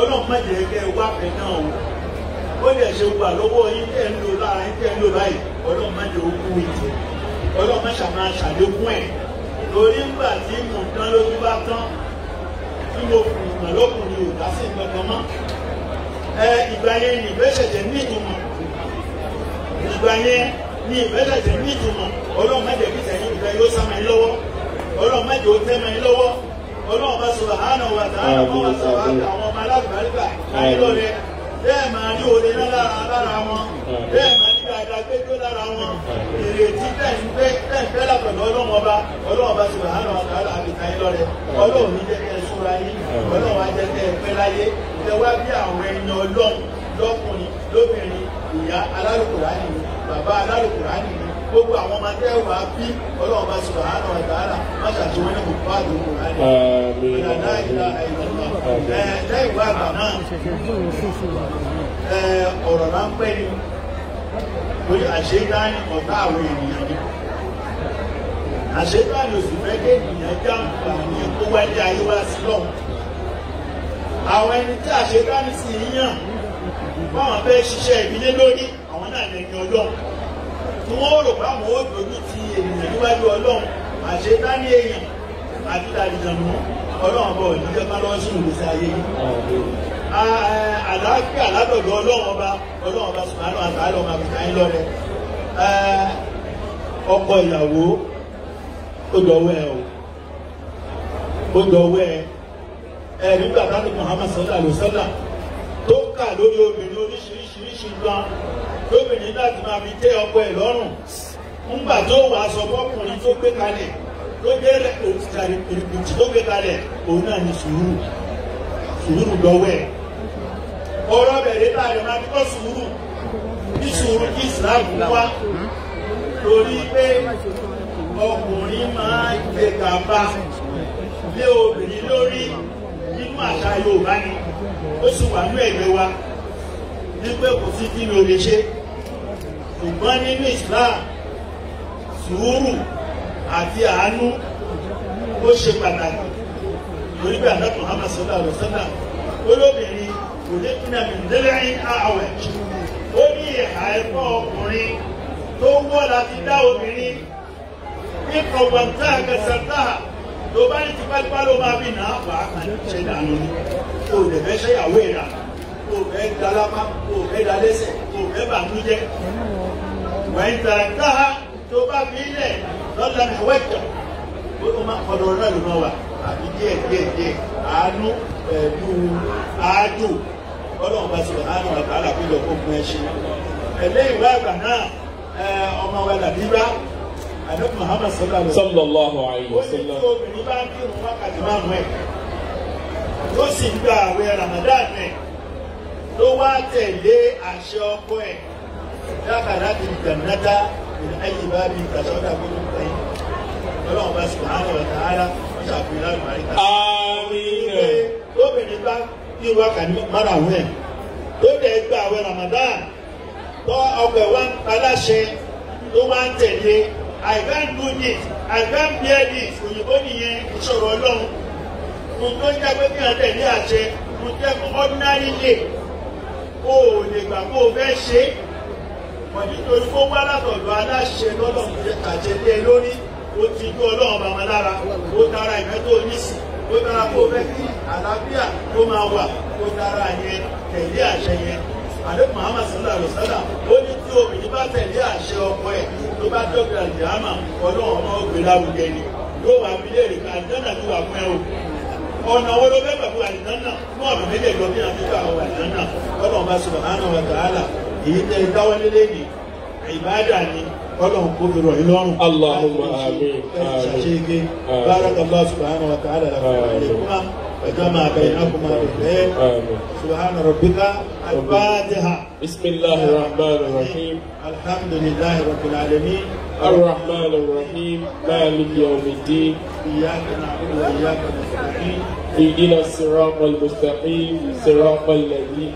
ọlọ́run má jẹ́ kẹ́ wá fẹ́ náà o ó lè ṣe gbà lọ́wọ́ yín tẹ́ ń ẹ̀ torí ńgbà tí mò ń tán lójú bá tán kí ló fi ìmọ̀ lókùnrin ò dá sí ìgbà kan mọ́ ẹ ìgbà yẹn ni ìgbésẹ̀jẹ̀ ní ìtumọ̀ ìgbà yẹn ni ìgbésẹ̀jẹ̀ ní ìtumọ̀ ọlọ́run mẹ́jẹ̀ kí sẹ́yìn ìgbà yóò sá mi lọ́wọ́ ọlọ́run mẹ́jẹ̀ ó tẹ́ mi lọ́wọ́ ọlọ́run bá sọ̀rọ̀ àánà wà táwọn ọmọ ọmọ alágbàlúgbà láyé lọ́rẹ́ bẹ́ẹ̀ máa rí oore lára wọn bẹ́ẹ̀ máa rí dáadáa gbẹ́jọ́ lára wọn èrè tí tẹ̀síńfẹ́ tẹ̀síńfẹ́ lápẹ̀lú ọlọ́run ọba ọlọ́run bá sọ̀rọ̀ àánà wà táwọn àbíkáyé lọ́rẹ́ ọlọ́run ní jẹ́kẹ́ fúnra yín ọlọ́run ajẹ́kẹ́ ẹ̀pẹ́ láyé ẹ wá bí àwọn ẹni ọlọ́run lọ́kùnrin lóbìnrin ìyá alárùkùránì ni bàbá alárùkùránì ni gbogbo àwọn ọmọ tẹ́ wà á bí ọlọ́run bá sọ̀rọ̀ àánú ìdára má ṣàtúwé ní kò bá àdó kùránì. ìlànà ìlà ìlànà ẹ̀ lẹ́yìn wá àgbà náà ọ̀rọ̀ náà ń pẹ́ ni àṣeyíká ọ̀tá àwọn ènìyàn ni àṣetò àlòsùn fẹ́ dé ènìyàn jàǹfà ní kó wáyé ayé wá sí lọ́hùn àwọn ẹni tí àṣetò àlòsùn yìí yàn báwọn fẹ́ ṣiṣẹ́ ìdílé lórí àwọn náà lè ní ọlọ́run tí wọ́n rò báwọn ó dojú ti ènìyàn níwájú ọlọ́run àṣetò àlè èèyàn àti àdìjànú ọlọ́run bọ̀ níjẹ́ bá lọ́ọ́ sí ìgbésí ayé yìí àlàáfíà látọ̀dọ̀ ọlọ́run ọba ọlọ́run ọba sùnmọ́ àlọ́ àtàlọ́ ọmọ àbùkà ńlọrọ ọkọ ìyàwó ó dọ̀wọ́ ẹ o ó dọ̀wọ́ ẹ ẹ nígbà tá a ní Muhammad sallallahu alayhi wa sallam tó ń kà lórí obìnrin oríṣiríṣiríṣi gan lóbìnrin láti máa fi tẹ́ ọkọ ẹ̀ lọ́rùn ńgbà tó wàá sọ fọkùnrin tó gbé kalẹ̀ tó gbé òtítàrí pèrèpèrè tó gbé kalẹ̀ òun náà ní sùúrù sùúrù dọ̀wọ́ ẹ̀ ọ̀rọ̀ bẹ̀rẹ̀ láàrin máa fi kọ́ sùúrù ní sùúrù kí Islam wá lórí pé ọkùnrin máa ń gbé kàbá lé obìnrin lórí nínú àṣà Yorùbá ni ó sì wà ní ẹ̀gbẹ́ wa wípé kò sí kí ni o lè ṣe ṣùgbọ́n nínú Islam sùúrù àti àánú ó ṣe pàtàkì lórí bí àdá Muhammad sọlá rẹ sọlá olóbìnrin kò ní kí nàmì lẹ́lẹ́yìn àwẹ̀ ó ní ìhà ẹ̀kọ́ ọkùnrin tó wọ́ láti dá obìnrin ipò gbàgbà kẹsàtà ló bá ní tipátipá ló máa bí nà á fà á kàn ṣe dànù ni kò lè fẹ́ ṣẹ́yàwó ìrà kò fẹ́ dalápá kò fẹ́ dalẹ́sẹ̀ kò fẹ́ bàmújẹ́ wẹ́n tàràtà tó bá fi ilẹ̀ lọ́dà ní wẹ́tọ̀ ọ̀dọ̀ náà ló máa wà àbí díẹ̀ díẹ̀ díẹ̀ ẹ ṣe ẹlẹ́yìn wá àgbà náà ọmọ wa làbí bá sallallahu alayhi wa sallam. ó sì ń gba àwẹ̀ Ramadan ẹ̀ ló wá tẹ̀lé àṣẹ ọkọ ẹ̀ dákàdá ti jannata ìlú ayé bá bí ìtàṣọ́dà gbọ́dọ̀ tẹ̀yìn ọlọ́run bá subhanahu wa ta'ala wọ́n ṣàfihàn àlùmáríkà. àmín. lóbìnrin bá ní wákàtí márùn-ún ẹ̀ tó dẹ̀ gba àwẹ̀ Ramadan tó ọkọ̀ wá ń paláṣẹ wá tẹ̀lé I can't do this I can't bear this òyìnbó nìyẹn ìṣòro ọlọ́run ohun tó ń jẹ́ pé kíyàn tẹ̀lé àṣẹ ohun tẹ́ fún ordinary lay o ò lè gbà kó o fẹ́ ṣe é wọ́n nítorí kó wá látọ̀dọ̀ aláṣẹ lọ́dọ̀ àjẹlé e lórí ó ti gbé ọlọ́run bàmọ́ lára ó dára ìfẹ́ tó nísìn ó dára kó o fẹ́ kí àlàáfíà tó máa wà ó dára yẹn tẹ̀lé àṣẹ yẹn àdéhùn Muhammad sallallahu alayhi wa sallam ó ní tí obìnrin bá tẹ̀lé àṣẹ ọkọ ẹ̀ tó bá dọ́gba àdìyàmà ọlọ́run ọmọ ògbìn lárugẹ ni yóò wá fi léèrè ká àdìyàmà tó wà fún ẹ o ọ̀nà wo ló fẹ́ pẹ̀lú àdìyàmà mú ọ̀nà méjèèjọ bí wọn ti gbà wọ àdìyàmà ọlọ́run bá subhanahu wa ta'ala èyí tẹ ìdáwọ́ ni ìbáàdà ni ọlọ́run kò fi rọ̀ ìlọ́run. Allahumma àmín àmín. ẹ ṣàṣeyege bárakà Allah wa ta'ala وجمع بينكما بالخير سبحان ربك الفاتحة بسم الله الرحمن الرحيم الحمد لله رب العالمين الرحمن الرحيم مالك يوم الدين إياك نعبد وإياك نستعين اهدنا الصراط المستقيم صراط الذين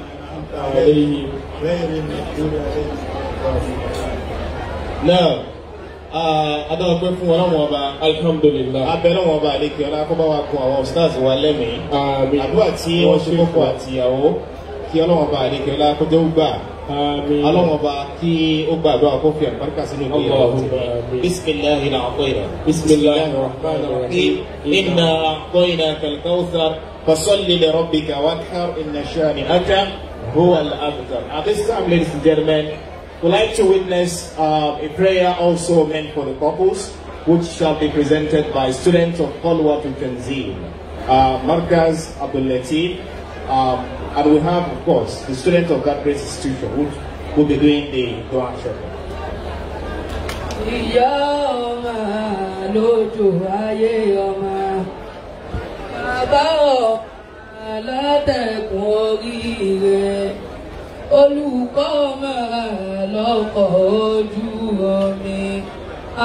أنعمت عليهم غير المغضوب عليهم نعم Ah, adáwọ̀pẹ́ fún ọlọ́run ọba. alhamdulilayi. abẹ́rẹ́ wọn ọba àlekè ọlá kó bá wa kun àwọn ustaz wa lẹ́mìí. àmì àdúrà tí wọ́n ṣe kókó àtìyàwó kí ọlọ́run ọba àlekè ọlá kó jẹ́ ògbà. àmì ọlọ́run ọba kí ó gba àdúrà kó fi àbáríkà sínú ìgbéyàwó ti rẹ̀. bisimilahi rahmanuhira. bisimilahi rahmanuhira. inna koyina kalkawusar fasolli le rabbika wakar inna shani aka huwa al-abtar. at this time ladies and gentlemen. We'd like to witness uh, a prayer also meant for the couples, which shall be presented by students of Kolwa to Tanzim, uh, Markaz Abdul Latif, um, and we have, of course, the students of that great institution who will be doing the Quran olùkọ́ máa lọ́kọ̀ ojú omi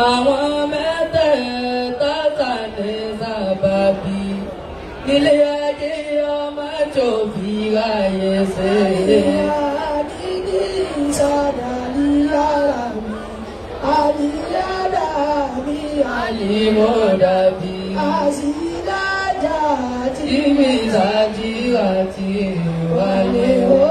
àwọn mẹ́tẹ̀ẹ̀ta kà ní sábàbí ilé ayé ọmọ tó fi ráyè ṣe. àdìdí mi àdìyàdà mi àlìmọ́ dàbí. àṣìlájà tí mi ṣàjìrà wálé wọ́n.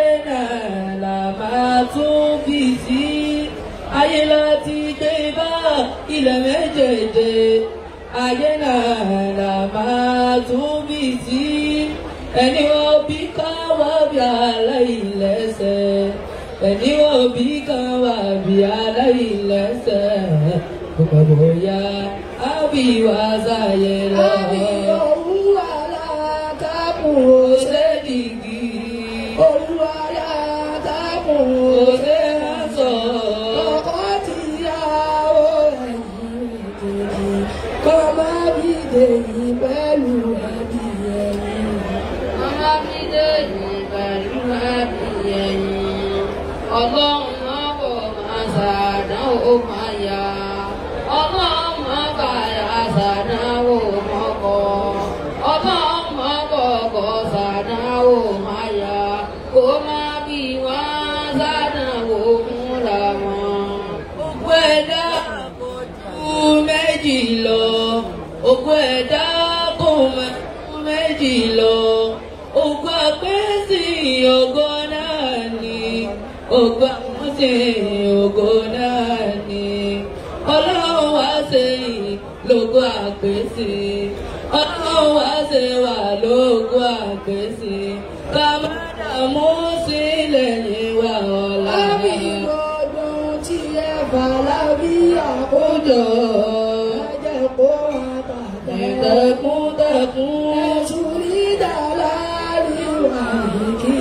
àtúnbìsí ayé láti dé bá ilẹ̀ méjèèjì ayé náà là máa tún bì sí ẹni wọ́n bí ká wá bí aláìlẹ́sẹ̀ ẹni wọ́n bí ká wá bí aláìlẹ́sẹ̀ kò bóyá á bí wàá lọ́wọ́. àpèsè ọlọ́run wá ṣe wà lóògùn àpèsè ká má dààmú sílẹ̀ níwà ọ̀la. lábì lọ́dún tí ẹ bá lábí àkójọ. ẹ jẹ́ kó àtàtà. ìtẹ̀kùntẹ̀kùn. ẹ̀sùn ní dàlá rí wà nìkí.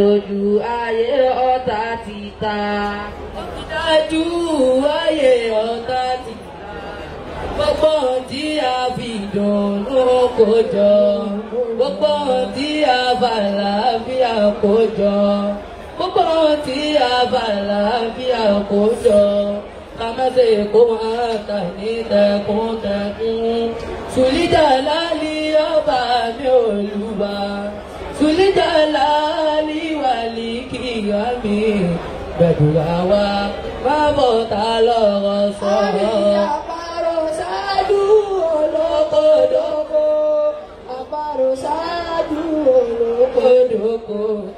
lójú ayé ọ̀tá ti ta. ó ti dájú ayé ọ̀tá ti ta. gbogbo tí a fi dùn ló kó jọ. gbogbo tí a bá làáfíà kó jọ. gbogbo tí a bá làáfíà kó jọ kamase koma ka ni tẹkun tẹkun. Sùlíjà lálẹ́ ọba mi ò lùbà. Sùlíjà lálẹ́ mi gbẹ̀dùrà wa má mọ̀ ta lọ́rọ̀ sọ. àparò ṣáájú olókodoko àparò loko doko?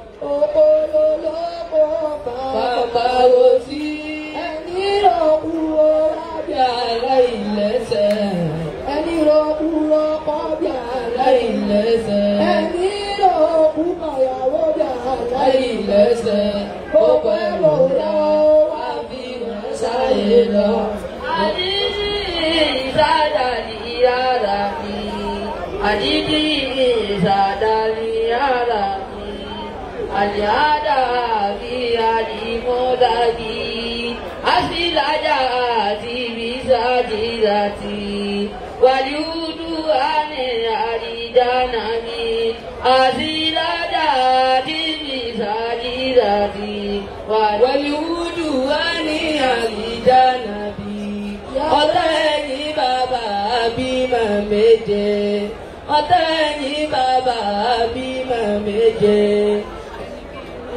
ọ̀tẹ̀yìn bàbá bímọ méje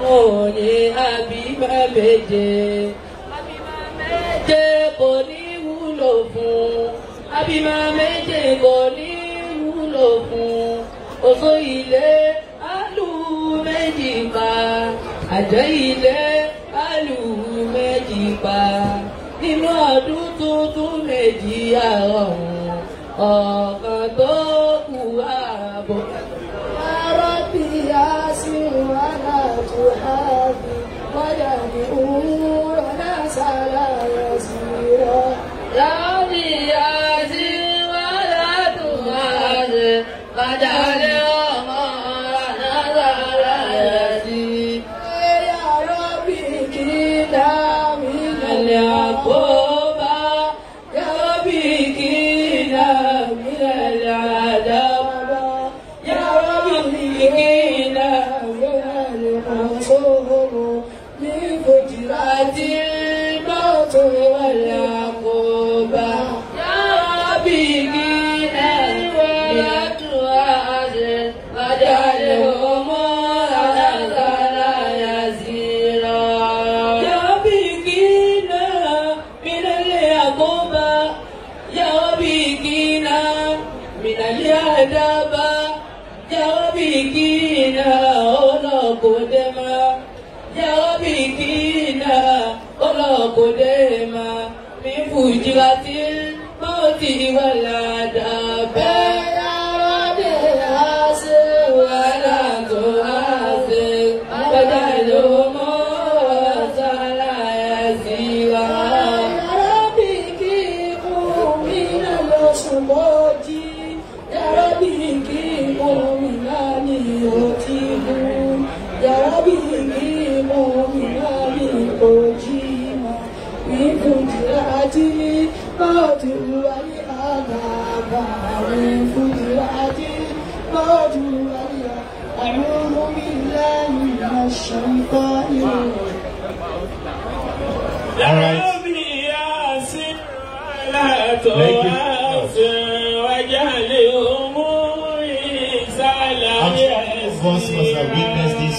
wọn ò ní àbímọ méje àbímọ méje kò ní wúlò fún àbímọ méje kò ní wúlò fún òfò ilé alù méjì pa àjọ ilé alù méjì pa nínú ọdún tuntun méjì àrọ̀hún ọ̀gá.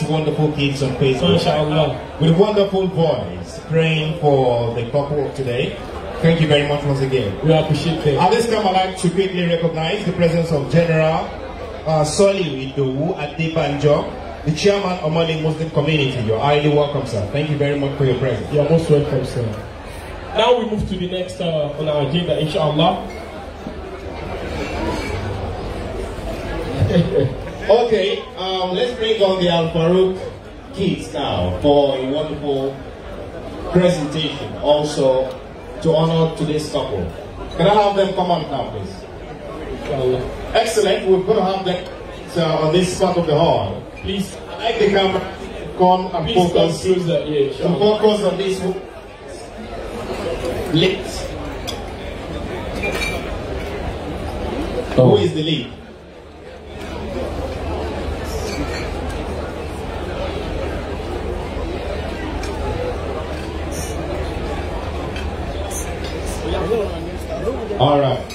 wonderful kids on Facebook. Oh, inshallah. Oh. With a wonderful voice, praying for the couple today. Thank you very much once again. We appreciate it. At this time, I'd like to quickly recognize the presence of General uh, Soli Widowu Adebanjo, the chairman of Mali Muslim community. You're highly welcome, sir. Thank you very much for your presence. You're most welcome, sir. Now we move to the next uh, on our agenda, inshallah. okay, on the Al Farouk kids now for a wonderful presentation also to honor today's couple. Can I have them come on now, please? Excellent. We're going to have them so, uh, on this part of the hall. Please, I'd like the camera to come and focus, come closer, yeah, sure. to focus on this lead. Oh. Who is the lead? All right.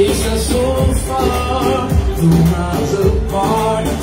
It's a so far too miles apart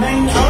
Main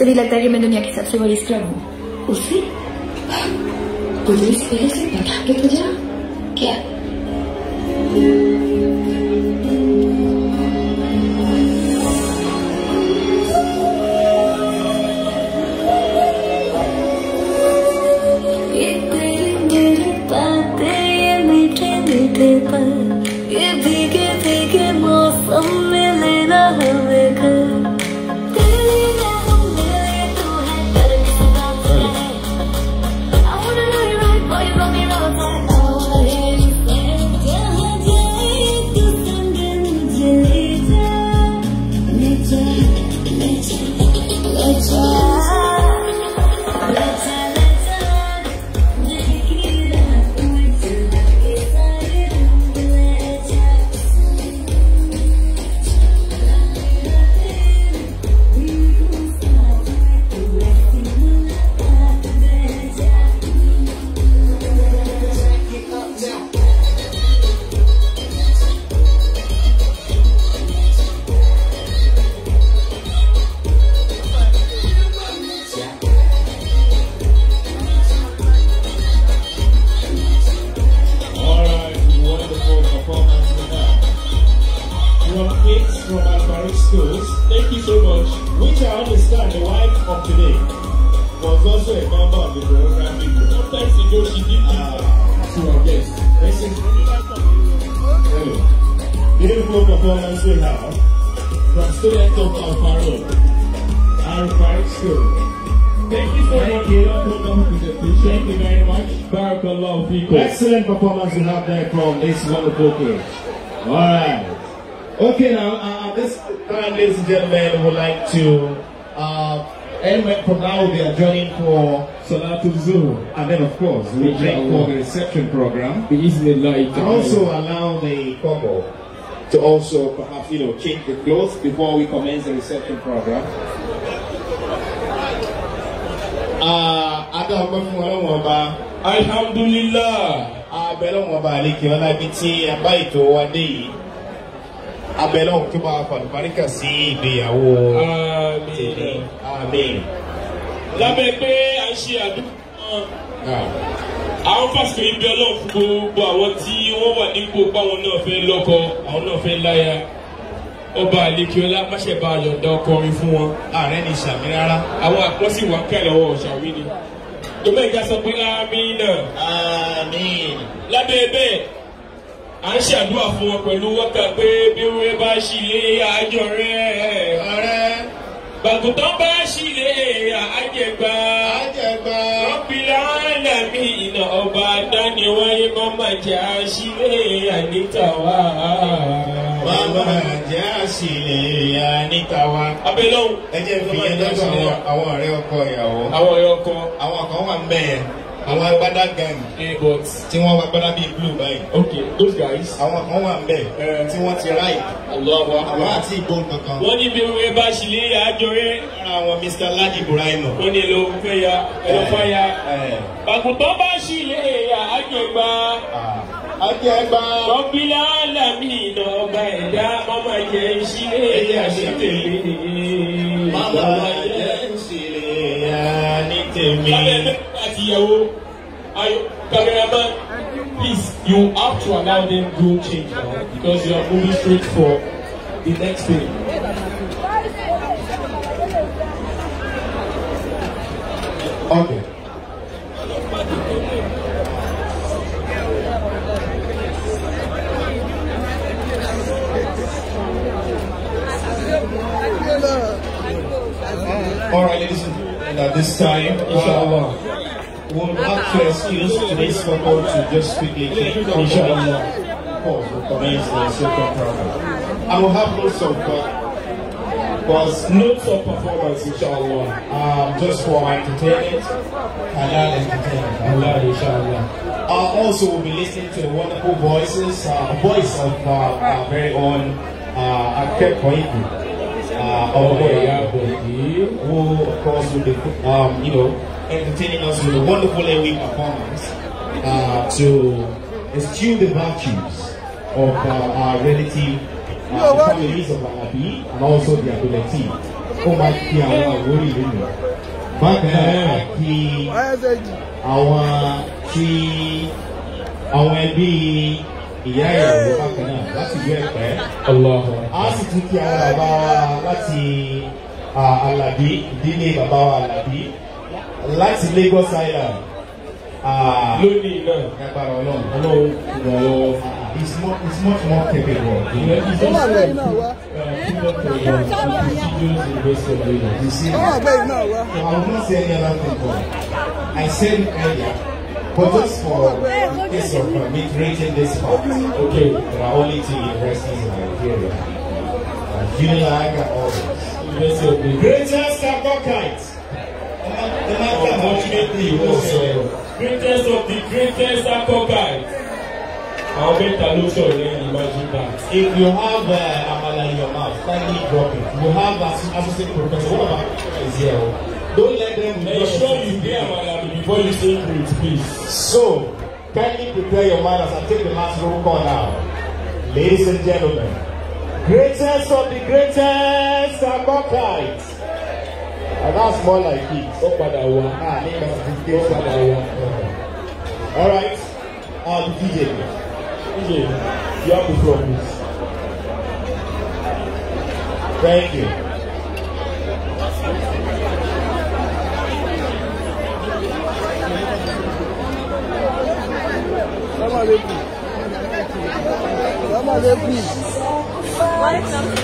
ऐसे नहीं लगता कि मैं दुनिया की सबसे बड़ी scrub हूँ Excellent performance you have there from this wonderful crew. Alright. Okay, now, uh, uh, this time, ladies and gentlemen, would like to, uh, anyway, from now we are joining for Salatu Zoo. And then, of course, we drink for the reception program. And also allow the couple to also perhaps, you know, change the clothes before we commence the reception program. Uh, I don't know alhamdulilah. abẹ́lẹ́ wọn bá àlekè wọn lábi tí abá ètò wa dé yìí abẹ́lẹ́ wọn kí wọ́n bá fàlùbáríkà sí ìgbéyàwó tèmi amen. lábẹ́ pé a ṣe àdúgbò àwọn fásitì ibi ọlọ́run fún gbogbo àwọn tí wọ́n wà nípò báwọn náà fẹ́ lọ́kọ àwọn náà fẹ́ láya ọba àlekíọlá máṣẹ̀bá yọ̀ǹda ọkọ orin fún wọn. ààrẹ ní ìṣàmì rárá. àwọn àpọ́sí wà ọ̀ṣàwí ni tòmẹ́ ìjà sọ pé amínà. àmín. lábẹ́ bẹ́ẹ̀ à ń ṣàdúrà fún wọn pẹ̀lú wọ́kà pé bí wọ́n bá ṣe àjọ rẹ̀. Bàgùntàn bá ṣílẹ̀ ẹ̀yà àjẹgbà. Àjẹgbà. Rọ́bìlà àlàmì ìnà ọba dániwáyé mọ́mà jẹ́ àṣílẹ̀ ẹ̀yà níta wá. Màmá jẹ́ àṣìlẹ̀ ẹ̀yà níta wá. Abẹ́lẹ́ òun. Ẹ jẹ́ fi yẹn lọ́dọ̀ àwọn ọ̀rẹ́ ọkọ ìyàwó. Àwọn ọ̀rẹ́ ọkọ. Àwọn kan wà ń bẹ̀yẹn àwọn agbada gan eh, tí wọ́n wọ agbada bíi blue báyìí. Okay. those guys. àwọn kan wà nbẹ eh, tí wọ́n ti ráì. ọlọ́wọ́ àwọn àti ìbọn kankan. wọ́n ní bí wọ́n bá ṣì lè yà á jọrẹ́. ara wọn Mr. Ladi Ibrahim. ó ní ló ń fẹ́ ya ẹ ló fẹ́ ya. àgùntàn bá ṣì lè yà á ah, jẹgba. Ajẹgba. Bọ́bílá Lámì iná ọba ẹ̀dá ọmọ ẹ̀jẹ̀ ń ṣílé ẹ̀yà ní tèmi. Màmá ẹ̀jẹ̀ ń ṣílé ẹ̀yà ní tèmi. CEO, I, cameraman! please, you have to allow them to change now because you are moving straight for the next thing. Okay. All right, listen. and at this time, inshallah would like to excuse today's photo to just quickly take inshallah pause to commence the second program. I will have lots of uh, was lots of performance inshallah um, just for my entertainment. Allah entertainment. Allah inshallah. Uh, also we'll be listening to the wonderful voices, uh, voice of uh, our very own uh, Akep Koiku. Uh, oh, yeah, who of course will be, um, you know, entertaining us with a wonderful Ewi performance uh, to eschew the virtues of uh, our relative uh, the families of our Alabi and also the ability. Ó máa kí àwọn àwòrán ìlú nù. our, náà our àwọn yeah, yeah. ẹbí ìyá that's bákan náà láti ìlú Ẹ̀pẹ́. A sì tún kí àwọn bàbá wa láti Alabi, ìdílé bàbá wa Alabi láti Lagos Island ah. lónìí náà agbára Ọlọ́run Ọlọ́run hello. it's more it's much more capable you know it's just like uh, people to your prestigious investor I will not say any other thing for I said earlier but just for case of uh, me creating this part okay there are only two universities in Nigeria uh, Unilag and others University of the greatest advocate. Unfortunately, wọ́n sọ̀rọ̀. Greatest of the greatest acrobat. Àwọn mẹ́ta ló sọ̀rọ̀ lẹ́yìn imagine that. If you have uh, amala in your mouth, kindly drop it. You have an uh, associate professor, one of our teachers here. Oh. Don't let them. Make sure you hear amala before you say great please. So, kindly prepare your mind as I take the last roll call now. Ladies and gentlemen, greatest of the greatest acrobat and that's more like it. ó padà wá. a ah, ní ó padà wá. alright um dj dj you have to promise. thank you. Lama lepi. Lama lepi. Why come?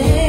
day.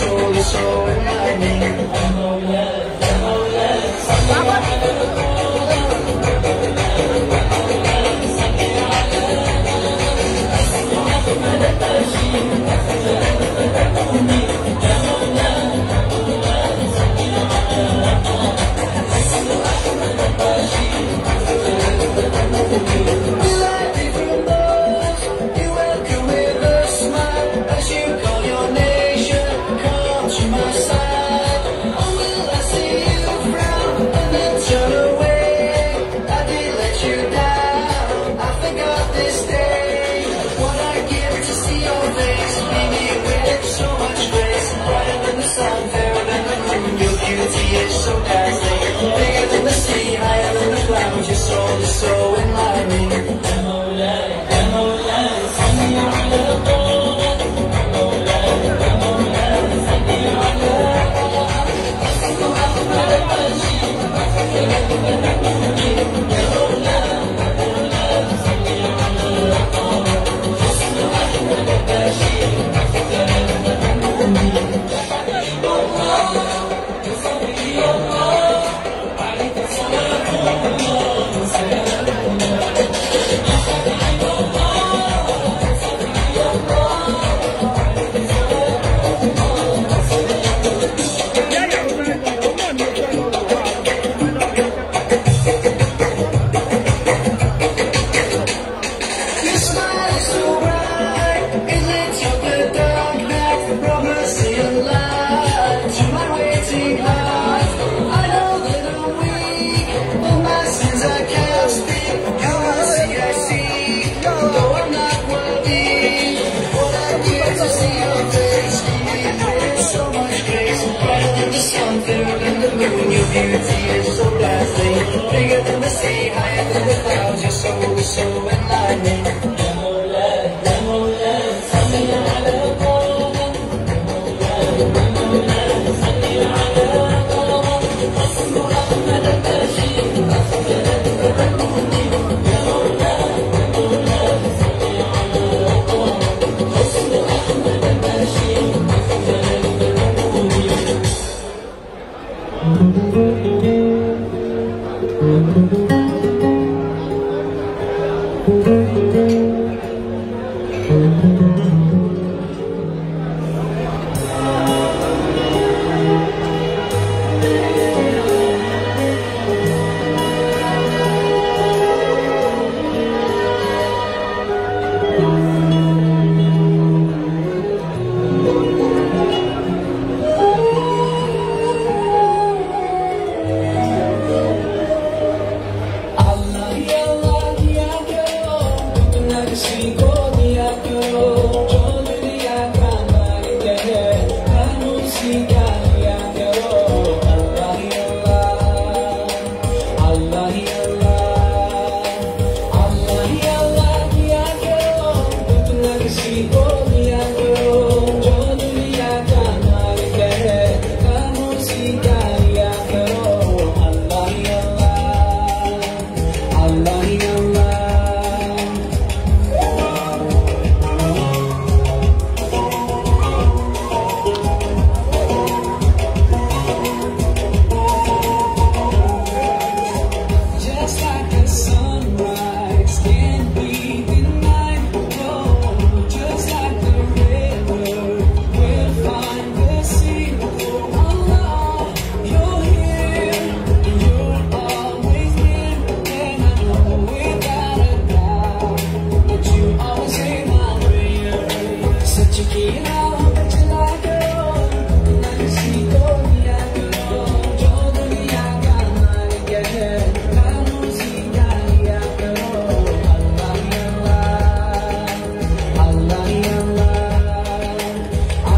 soul, soul, soul,